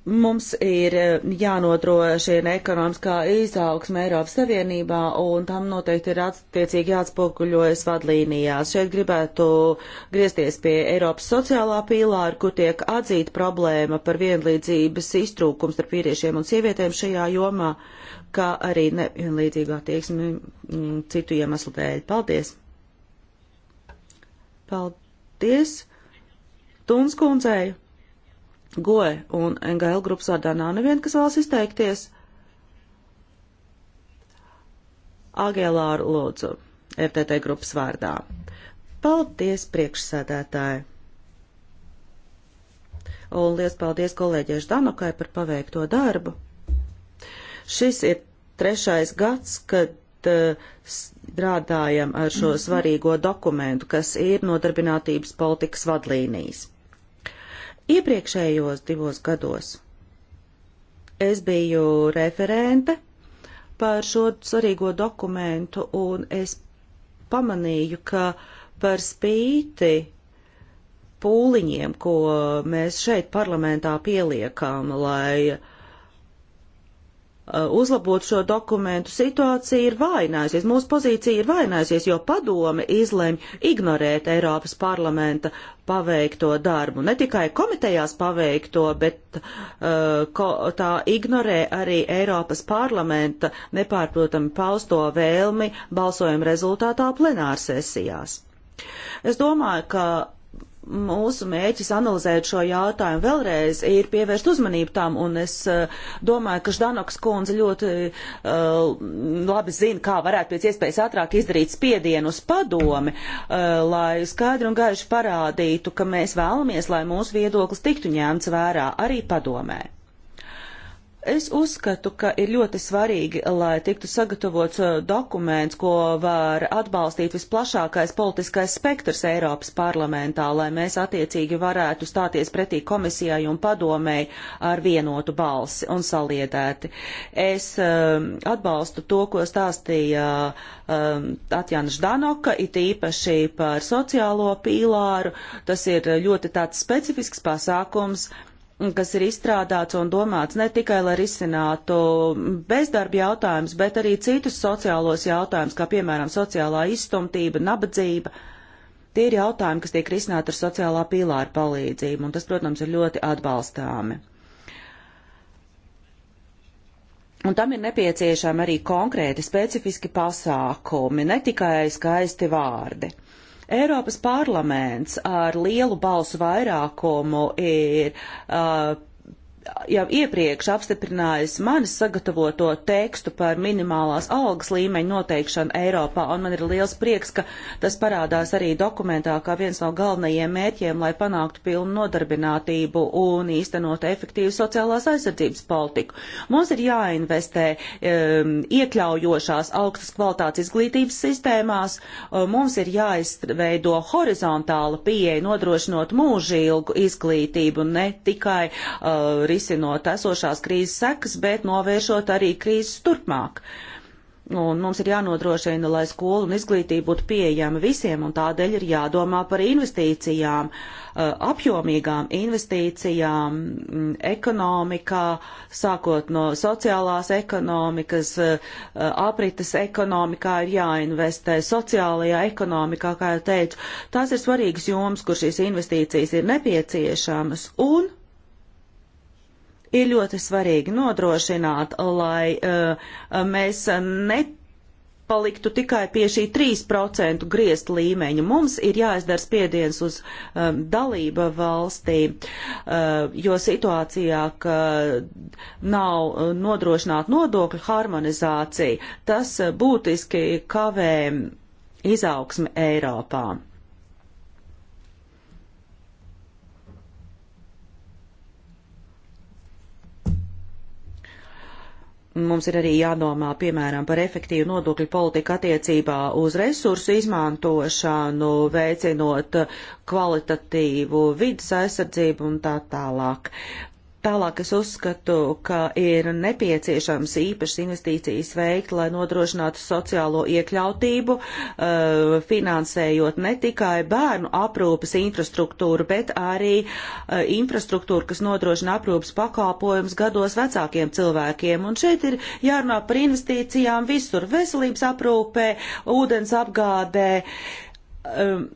Mums ir eh, jānodrošina ekonomiskā izaugsme Eiropas Savienībā, un tam noteikti ir attiecīgi jāatspoguļojas vadlīnijās. Šeit gribētu griezties pie Eiropas sociālā pīlāra, kur tiek atzīta problēma par vienlīdzības iztrūkums starp vīriešiem un sievietēm šajā jomā, kā arī nevienlīdzīgā tieksme mm, citu iemeslu dēļ. Paldies! Paldies! Tunskundzei! GOE un NGL grupas vārdā nav neviena, kas vēlas izteikties. Agēlāru lūdzu, FTT grupas vārdā. Paldies, priekšsēdētāji! Un liels paldies kolēģiešu Danukai par paveikto darbu. Šis ir trešais gads, kad uh, strādājam ar šo svarīgo dokumentu, kas ir nodarbinātības politikas vadlīnijas. Iepriekšējos divos gados es biju referente par šo svarīgo dokumentu, un es pamanīju, ka par spīti pūliņiem, ko mēs šeit parlamentā pieliekam, lai uh, Uh, uzlabot šo dokumentu, situācija ir vainājusies, mūsu pozīcija ir vainājusies, jo padome izlēma ignorēt Eiropas parlamenta paveikto darbu. Ne tikai komitejās paveikto, bet uh, ko, tā ignorē arī Eiropas parlamenta nepārprotami pausto vēlmi balsojuma rezultātā plenārsesijās. Es domāju, ka mūsu mēķis analizēt šo jautājumu vēlreiz ir pievērst uzmanību tam, un es eh, domāju, ka Ždanoks kundze ļoti uh, labi zina, kā varētu pēc iespējas ātrāk izdarīt spiedienu uz padomi, uh, lai skaidri un gaiši parādītu, ka mēs vēlamies, lai mūsu viedoklis tiktu ņemts vērā arī padomē. Es uzskatu, ka ir ļoti svarīgi, lai tiktu sagatavots uh, dokuments, ko var atbalstīt visplašākais politiskais spektrs Eiropas parlamentā, lai mēs attiecīgi varētu stāties pretī komisijai un padomēji ar vienotu balsi un saliedēti. Es um, atbalstu to, ko stāstīja um, Atjana Ždanoka, it īpaši par sociālo pīlāru. Tas ir ļoti tāds specifisks pasākums. Uh, kas ir izstrādāts un domāts ne tikai, lai risinātu bezdarba jautājumus, bet arī citus sociālos jautājumus, kā piemēram sociālā izstumtība, nabadzība. Tie ir jautājumi, kas tiek risināti ar sociālā pīlāra palīdzību, un tas, protams, ir ļoti atbalstāmi. Un tam ir nepieciešami arī konkrēti, specifiski pasākumi, ne tikai skaisti vārdi. Uh, Eiropas parlaments ar lielu balsu vairākumu ir uh, jau iepriekš apstiprinājusi mani sagatavoto tekstu par minimālās algas līmeņu noteikšanu Eiropā, un man ir liels prieks, ka tas parādās arī dokumentā kā viens no galvenajiem mērķiem, lai panāktu pilnu nodarbinātību un īstenot efektīvu sociālās aizsardzības politiku. Mums ir jāinvestē um, iekļaujošās augstas kvalitātes izglītības sistēmās, um, mums ir jāizveido horizontāla pieeja nodrošinot mūžīlgu izglītību, ne tikai uh, risinot esošās krīzes sekas, bet novēršot arī krīzes turpmāk. Un mums ir jānodrošina, lai skola un izglītība būtu pieejama visiem, un tādēļ ir jādomā par investīcijām, eh, apjomīgām investīcijām mm, ekonomikā, sākot no sociālās ekonomikas, eh, aprites ekonomikā ir jāinvestē, sociālajā ekonomikā, kā jau teicu. Tās ir svarīgas jomas, kur šīs investīcijas ir nepieciešamas, un Ir ļoti svarīgi nodrošināt, lai uh, mēs nepaliktu tikai pie šī 3% griezt līmeņa. Mums ir jāizdara spiediens uz um, eh, dalība valstī, uh, jo situācijā, ka nav nodrošināta nodokļu harmonizācija, tas būtiski kavē izaugsmi Eiropā. Mums ir arī jādomā, piemēram, par efektīvu nodokļu politiku attiecībā uz resursu izmantošanu, veicinot kvalitatīvu vidas aizsardzību un tā tālāk. Tālāk es uzskatu, ka ir nepieciešams īpašas investīcijas veikt, lai nodrošinātu sociālo iekļautību, eh, finansējot ne tikai bērnu aprūpas infrastruktūru, bet arī eh, infrastruktūru, kas nodrošina aprūpas pakalpojums gados vecākiem cilvēkiem. Un šeit ir jārunā par investīcijām visur - veselības aprūpē, ūdens apgādē ehm,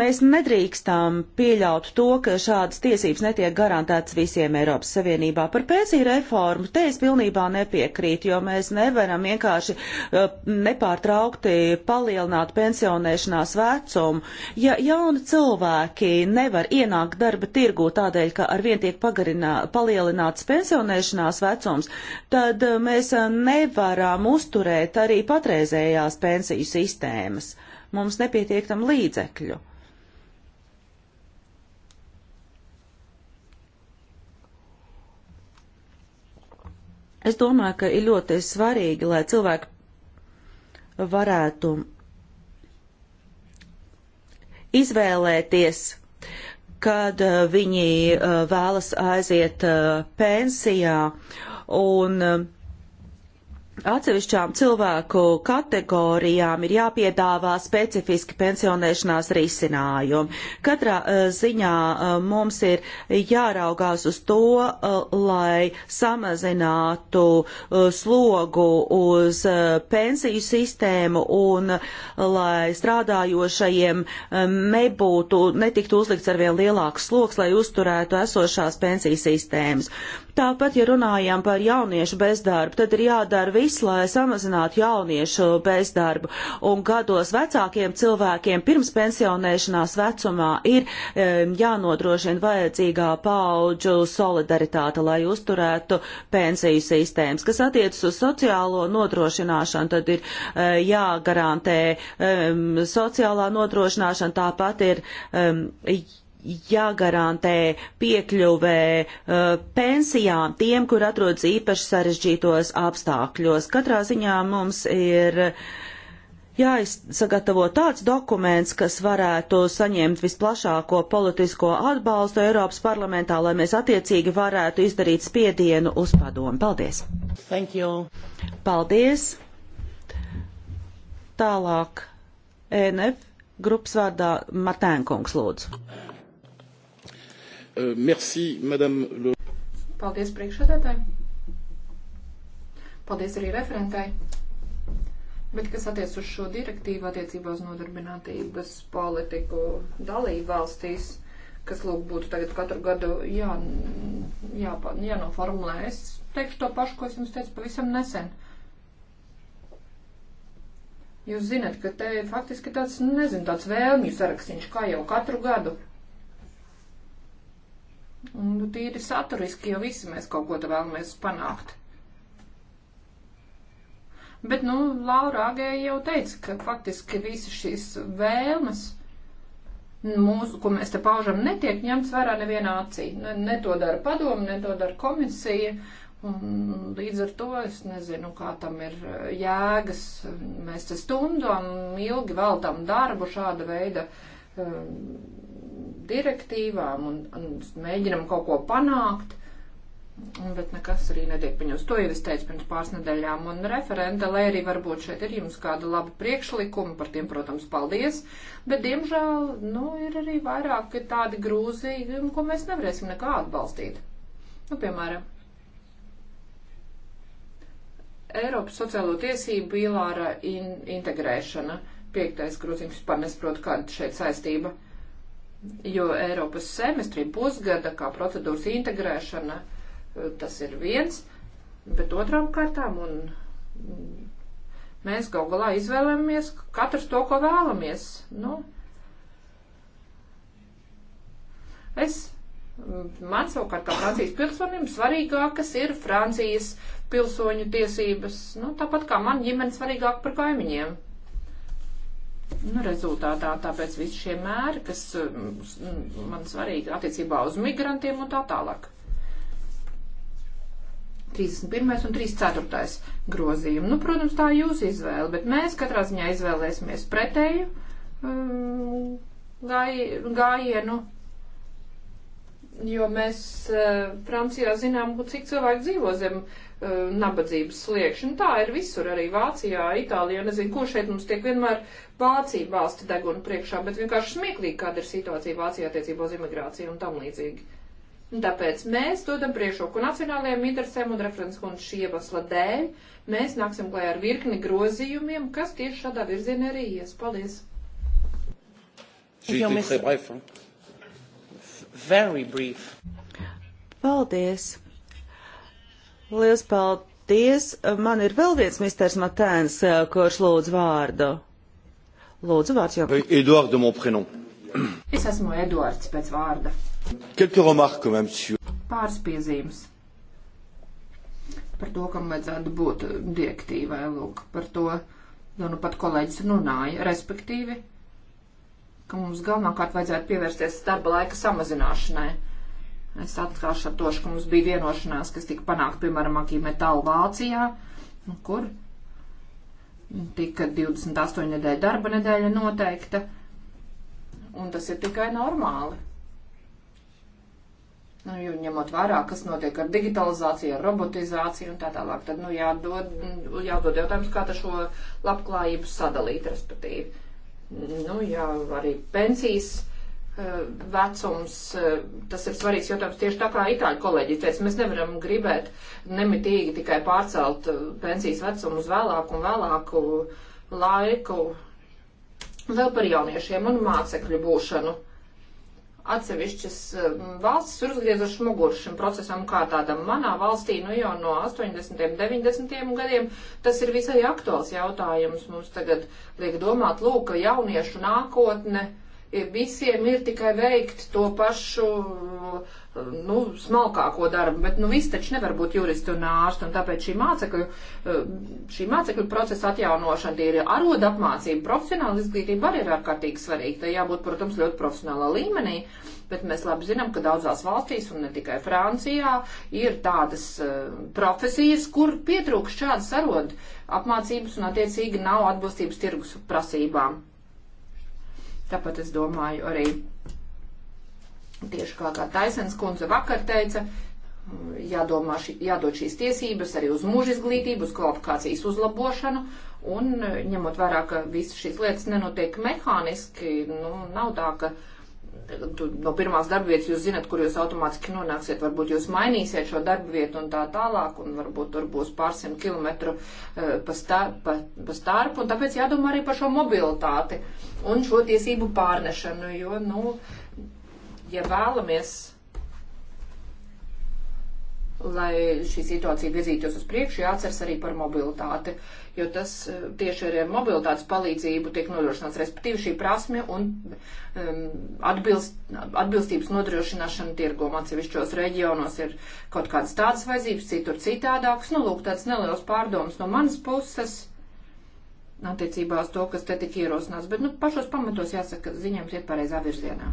Mēs nedrīkstām pieļaut to, ka šādas tiesības netiek garantētas visiem Eiropas Savienībā. Par pensiju reformu te es pilnībā nepiekrītu, jo mēs nevaram vienkārši uh, nepārtraukti palielināt pensionēšanās vecumu. Ja jauni cilvēki nevar ienākt darba tirgu tādēļ, ka arvien tiek palielināts pensionēšanās vecums, tad uh, mēs nevaram uzturēt arī patreizējās pensiju sistēmas. Mums nepietiek tam līdzekļu. Es domāju, ka ir ļoti svarīgi, lai cilvēki varētu izvēlēties, kad uh, viņi uh, vēlas aiziet uh, pensijā un Atsevišķām cilvēku kategorijām ir jāpiedāvā specifiski pensionēšanās risinājumi. Katrā eh, ziņā eh, mums ir jāraugās uz to, eh, lai samazinātu slogu uz pensiju sistēmu un lai strādājošajiem nebūtu, netiktu uzlikts arvien lielāks sloks, lai uzturētu esošās pensiju sistēmas. Tāpat, ja runājam par jauniešu bezdarbu, tad ir jādara viss, lai samazinātu jauniešu bezdarbu. Un gados vecākiem cilvēkiem pirms pensionēšanās vecumā ir e, jānodrošina vajadzīgā paudžu solidaritāte, lai uzturētu pensiju sistēmas. Kas attiecas uz sociālo nodrošināšanu, tad ir e, jāgarantē e, sociālā nodrošināšana, tāpat ir e, jāgarantē piekļuvē uh, pensijām tiem, kur atrodas īpaši sarežģītos apstākļos. Katrā ziņā mums ir jāizsagatavo tāds dokuments, kas varētu saņemt visplašāko politisko atbalstu Eiropas parlamentā, lai mēs attiecīgi varētu izdarīt spiedienu uz padomu. Paldies! Thank you! Paldies! Tālāk ENF grupas vārdā Martēnkungs lūdzu. Euh, merci, madame. Le... Paldies priekšsēdētāji. Paldies arī referentai. Bet kas attiec uz šo direktīvu attiecībā uz nodarbinātības politiku dalību valstīs, kas lūk būtu tagad katru gadu jā, jā, jānoformulē, es teikšu to pašu, ko es jums teicu pavisam nesen. Jūs zinat, ka te faktiski tāds, nezinu, tāds vēlmju sarakstiņš, kā jau katru gadu Un nu, tīri saturiski, jo visi mēs kaut ko te vēlamies panākt. Bet, nu, Laura Agēja jau teica, ka faktiski visas šīs vēlmes, mūsu, ko mēs te paužam, netiek ņemts vērā nevienā acī. Ne, ne to dara padomu, ne to dara komisija. Un līdz ar to es nezinu, kā tam ir e, jēgas. Mēs te stundām ilgi veltam darbu šāda veida um, direktīvām un, un mēģinam kaut ko panākt, bet nekas arī netiek paņemts. To jau es teicu pirms pāris nedēļām, un referenta, lai arī varbūt šeit ir jums kāda laba priekšlikuma, par tiem, protams, paldies, bet, diemžēl, nu, ir arī vairāk tādi grūzīgi, ko mēs nevarēsim nekā atbalstīt. Nu, piemēram, Eiropas sociālo tiesību pīlāra in integrēšana. Piektais grozījums vispār nesaprot, kāda šeit saistība ir jo Eiropas semestrī pusgada kā procedūras integrēšana eh, tas ir viens, bet otrām kārtām un mēs gal galā izvēlamies katrs to, ko vēlamies. Nu, es, man savukārt kā Francijas pilsonim svarīgākas ir Francijas pilsoņu tiesības, nu, tāpat kā man ģimene svarīgāk par kaimiņiem. Nu, rezultātā tāpēc visi šie mēri, kas mm, man svarīgi attiecībā uz migrantiem un tā tālāk. 31. un 34. grozījumi. Nu, protams, tā ir jūsu izvēle, bet mēs katrā ziņā izvēlēsimies pretēju um, gājienu. Gai, jo mēs eh, Francijā zinām, cik cilvēki dzīvo zem eh, nabadzības sliekšņa. Nu, tā ir visur, arī Vācijā, Itālijā. Nezinu, ko šeit mums tiek vienmēr Vācija balsta deguna priekšā, bet vienkārši smieklīgi, kāda ir situācija Vācijā attiecībā uz imigrāciju un tam līdzīgi. Un tāpēc mēs dodam priekšroku nacionālajiem interesēm un referents un šī iemesla dēļ mēs nāksim klajā ar virkni grozījumiem, kas tieši šādā virzienā arī ies. Paldies! J'ai été très bref. Hein. Very brief. Paldies! Lielas paldies! Man ir vēl viens misters Matēns, eh, kurš lūdz vārdu. Lūdzu, vārds jau. Eduard euh, de mon prénom. Es esmu Eduards pēc vārda. Quelques remarques, quand même, sur. Pāris piezīmes. Par to, kam vajadzētu būt direktīvai, lūk, par to, nu, nu pat kolēģis runāja, respektīvi ka mums galvenokārt vajadzētu pievērsties darba laika samazināšanai. Es atkāršu to, ka mums bija vienošanās, kas tika panākt, piemēram, Akī metāla Vācijā, nu, kur tika 28 nedēļa darba nedēļa noteikta, un tas ir tikai normāli. Nu, jo ņemot vērā, kas notiek ar digitalizāciju, ar robotizāciju un tā tālāk, tad, nu, jādod, jādod jautājums, kā tā šo labklājību sadalīt, respektīvi Nu jā, arī pensijas eh, vecums, eh, tas ir svarīgs jautājums tieši tā kā itāļu kolēģi teica, mēs nevaram gribēt nemitīgi tikai pārcelt eh, pensijas vecumu uz vēlāku un vēlāku laiku. Vēl par jauniešiem un mācekļu būšanu atsevišķas eh, valstis ir uzgriezušas muguru šim procesam kā tādam. Manā valstī, nu jau no 80. un 90. gadiem, tas ir visai aktuāls jautājums. Mums tagad liek domāt, lūk, ka jauniešu nākotne uh, visiem ir tikai veikt to pašu, nu, smalkāko darbu, bet, nu, viss taču nevar būt juristi un ārsti, un tāpēc šī mācekļu, šī mācekļu procesa atjaunošana, tie ir aroda apmācība, profesionāla izglītība arī ir ārkārtīgi svarīga, tai jābūt, protams, ļoti profesionālā līmenī, bet mēs labi zinām, ka daudzās valstīs, un ne tikai Francijā, ir tādas eh, profesijas, kur pietrūkst šādas aroda apmācības un attiecīgi nav atbilstības tirgus prasībām. Tāpat es domāju arī tieši kā, kā Taisens kundze vakar teica, jādomā, šī, jādod šīs tiesības arī uz mūža izglītību, uz kvalifikācijas uzlabošanu. Un ņemot vērā, ka visas šīs lietas nenotiek mehāniski, nu, nav tā, ka no pirmās darbvietas jūs zinat, kur jūs automātiski nonāksiet, varbūt jūs mainīsiet šo darbvietu un tā tālāk, un varbūt tur būs pārsimt kilometru eh, pa, star, pa, pa starpu, un tāpēc jādomā arī par šo mobilitāti un šo tiesību pārnešanu, jo, nu, ja vēlamies lai šī situācija virzītos uz priekšu, jāatceras arī par mobilitāti jo tas e, tieši ar mobilitātes palīdzību tiek nodrošināts, respektīvi šī prasme un um, atbilst, atbilstības nodrošināšana tirgom atsevišķos reģionos ir kaut kādas tādas vajadzības, citur citādākas. Nu, lūk, tāds neliels pārdoms no manas puses attiecībā uz to, kas te tik ierosināts, bet nu, pašos pamatos jāsaka, ka ziņojums iet pareizā virzienā.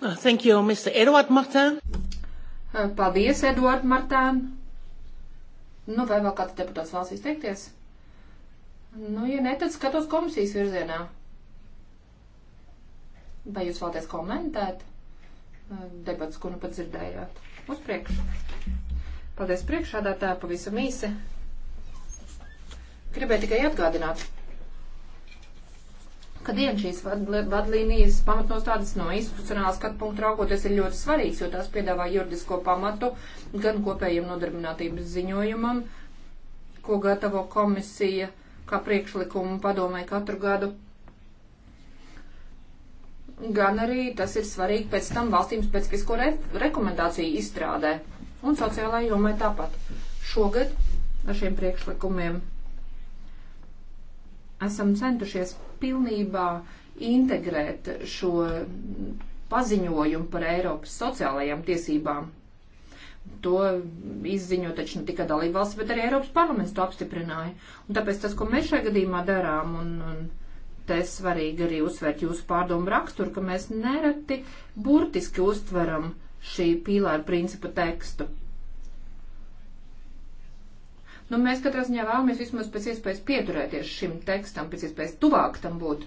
Ah, thank you, Mr. Edward Martin. Paldies, Edvard Martān. Nu, vai vēl kāds deputāts vēlas izteikties? Nu, ja ne, tad skatos komisijas virzienā. Vai jūs vēlaties komentēt debats, ko nu pat dzirdējāt? Uz priekšu. Paldies priekšādātāju, pavisam īsi. Gribēju tikai atgādināt ka dien šīs vadlīnijas pamatnostādes no institucionāla skatu punktu raugoties ir ļoti svarīgs, jo tās piedāvā juridisko pamatu gan kopējiem nodarbinātības ziņojumam, ko gatavo komisija kā priekšlikumu padomē katru gadu, gan arī tas ir svarīgi pēc tam valstīm specifisko re rekomendāciju izstrādē un sociālajai jomai tāpat. Šogad ar šiem priekšlikumiem esam centušies pilnībā integrēt šo paziņojumu par Eiropas sociālajām tiesībām. To izziņo taču ne tikai dalībvalsts, bet arī Eiropas parlaments to apstiprināja. Un tāpēc tas, ko mēs šajā gadījumā darām, un, un te svarīgi arī uzsvērt jūsu pārdomu raksturu, ka mēs nereti burtiski uztveram šī pīlāra principa tekstu. Nu, mēs katrā ziņā vēlamies vismaz pēc iespējas pieturēties šim tekstam, pēc iespējas tuvāk tam būt.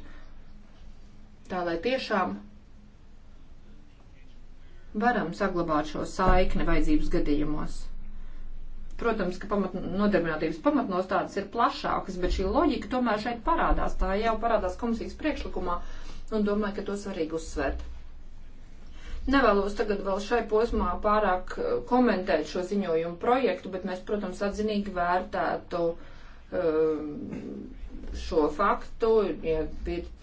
Tā lai tiešām varam saglabāt šo saikni vajadzības gadījumos. Protams, ka pamat, nodarbinātības pamatnostādes ir plašākas, bet šī loģika tomēr šeit parādās. Tā jau parādās komisijas priekšlikumā un domāju, ka to svarīgi uzsvērt. Nevēlos tagad vēl šai posmā pārāk eh, komentēt šo ziņojumu projektu, bet mēs, protams, atzinīgi vērtētu eh, šo faktu, ja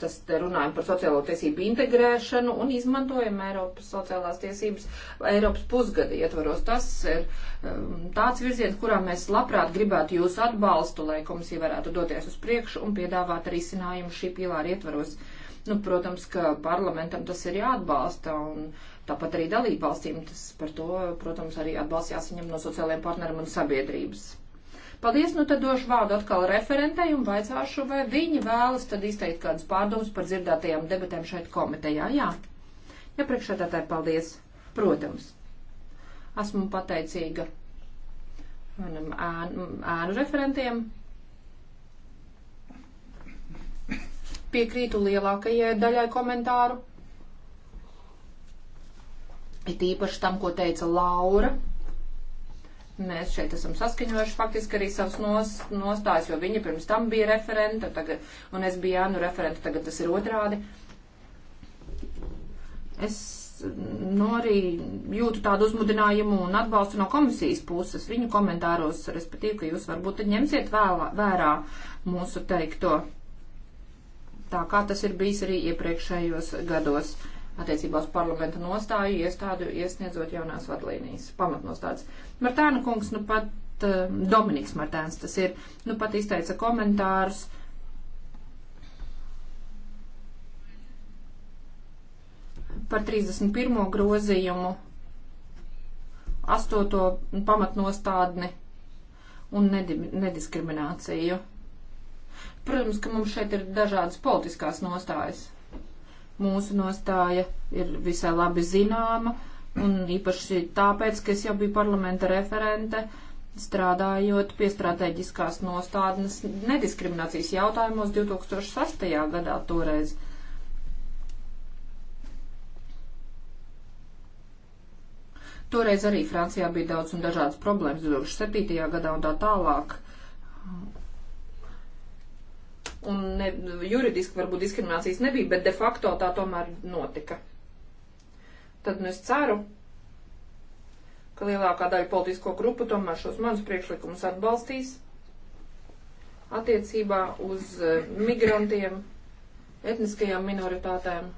tas te runājam par sociālo tiesību integrēšanu un izmantojam Eiropas sociālās tiesības Eiropas pusgada ietvaros. Tas ir eh, tāds virziens, kurā mēs labprāt gribētu jūs atbalstu, lai komisija varētu doties uz priekšu un piedāvāt risinājumu šī pīlāra ietvaros. Uh, Nu, protams, ka parlamentam tas ir jāatbalsta un tāpat arī dalībvalstīm tas par to, protams, arī atbalsts jāsaņem no sociālajiem partneriem un sabiedrības. Paldies, nu tad došu vārdu atkal referentei un vaicāšu, vai viņi vēlas tad izteikt kādas pārdomas par dzirdētajām debatēm šeit komitejā. Jā, ja priekšētātāji paldies, protams. Esmu pateicīga manam ēnu, ēnu referentiem piekrītu lielākajai daļai komentāru. It īpaši tam, ko teica Laura. Mēs šeit esam saskaņojuši faktiski arī savus nos, nostājus, jo viņa pirms tam bija referenta, tagad, un es biju Jānu referenta, tagad tas ir otrādi. Es nu, arī jūtu tādu uzmudinājumu un atbalstu no komisijas puses viņu komentāros, respektīvi, ka jūs varbūt ņemsiet vēlā, vērā mūsu teikto tā kā tas ir bijis arī iepriekšējos gados attiecībā uz parlamenta nostāju iestādu iesniedzot jaunās vadlīnijas, pamatnostādes. Martāna kungs, nu pat eh, Dominiks Martāns tas ir, nu pat izteica komentārus. Par 31. grozījumu, 8. pamatnostādni un nediskrimināciju. Nedi Protams, ka mums šeit ir dažādas politiskās nostājas. Mūsu nostāja ir visai labi zināma, un īpaši tāpēc, ka es jau biju parlamenta referente, strādājot pie strateģiskās nostādnes nediskriminācijas jautājumos 2006. gadā toreiz. Toreiz arī Francijā bija daudz un dažādas problēmas 2007. gadā un tā tālāk un ne, juridiski varbūt diskriminācijas nebija, bet de facto tā tomēr notika. Tad nu es ceru, ka lielākā daļa politisko grupu tomēr šos manus priekšlikumus atbalstīs attiecībā uz eh, migrantiem, etniskajām minoritātēm,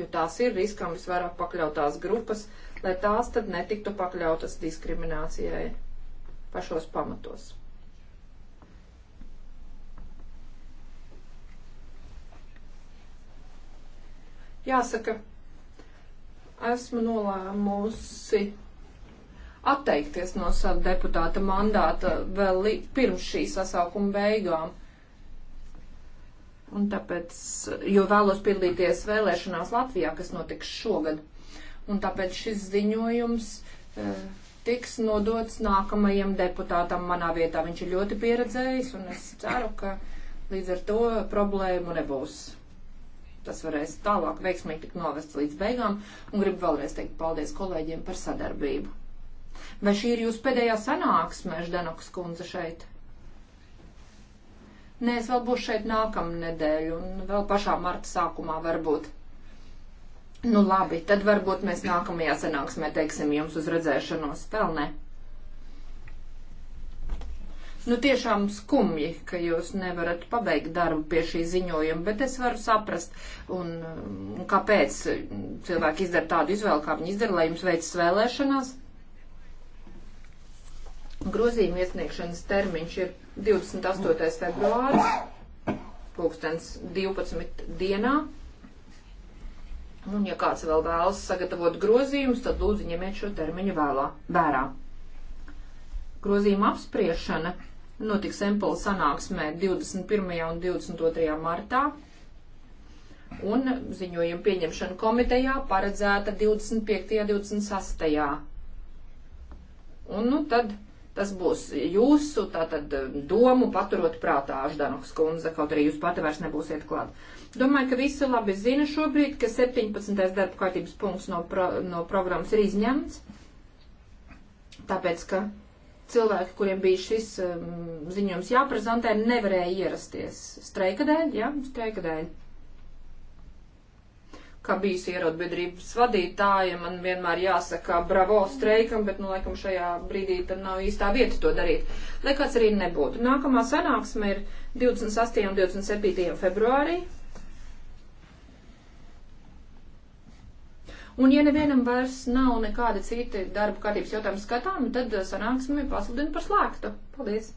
jo tās ir riskam visvairāk pakļautās grupas, lai tās tad netiktu pakļautas diskriminācijai pašos pamatos. Jāsaka, esmu nolēmusi atteikties no sava deputāta mandāta vēl pirms šī sasaukuma beigām. Un tāpēc, jo vēlos piedalīties vēlēšanās Latvijā, kas notiks šogad. Un tāpēc šis ziņojums e, tiks nodots nākamajam deputātam manā vietā. Viņš ir ļoti pieredzējis un es ceru, ka līdz ar to problēmu nebūs tas varēs tālāk veiksmīgi tik novests līdz beigām, un gribu vēlreiz teikt paldies kolēģiem par sadarbību. Vai šī ir jūsu pēdējā sanāksme, Ždanoks kundze, šeit? Nē, es vēl būšu šeit nākamnedēļ, un vēl pašā marta sākumā varbūt. Nu labi, tad varbūt mēs nākamajā sanāksmē teiksim jums uz redzēšanos pelnē. Nu, tiešām skumji, ka jūs nevarat pabeigt darbu pie šī ziņojuma, bet es varu saprast, un, un kāpēc cilvēki izdara tādu izvēlu, kā viņi izdara, lai jums veicas vēlēšanās. Grozījuma iesniegšanas termiņš ir 28. februāris, pulkstens 12. dienā. Un, ja kāds vēl vēlas sagatavot grozījumus, tad lūdzu ņemiet šo termiņu vēlā, vērā. Grozījuma apspriešana notiks Empula sanāksmē 21. un 22. martā. Un ziņojuma pieņemšana komitejā paredzēta 25. un 26. Un nu tad tas būs jūsu tātad domu paturot prātā, Aždanuks kundze, kaut arī jūs pati vairs nebūsiet klāt. Domāju, ka visi labi zina šobrīd, ka 17. darba kārtības punkts no, pro, no programmas ir izņemts, tāpēc, ka cilvēki, kuriem bija šis um, ziņojums jāprezentē, nevarēja ierasties streika dēļ, jā, ja? streika dēļ. Kā bijusi ierodbiedrības vadītāja, man vienmēr jāsaka bravo streikam, bet, nu, laikam šajā brīdī tam nav īstā vieta to darīt. Lai kāds arī nebūtu. Nākamā sanāksme ir 28. un 27. februārī Un ja nevienam vairs nav nekāda cita darba kārtības jautājuma skatām, tad sanāksmi pasludinu par slēgtu. Paldies!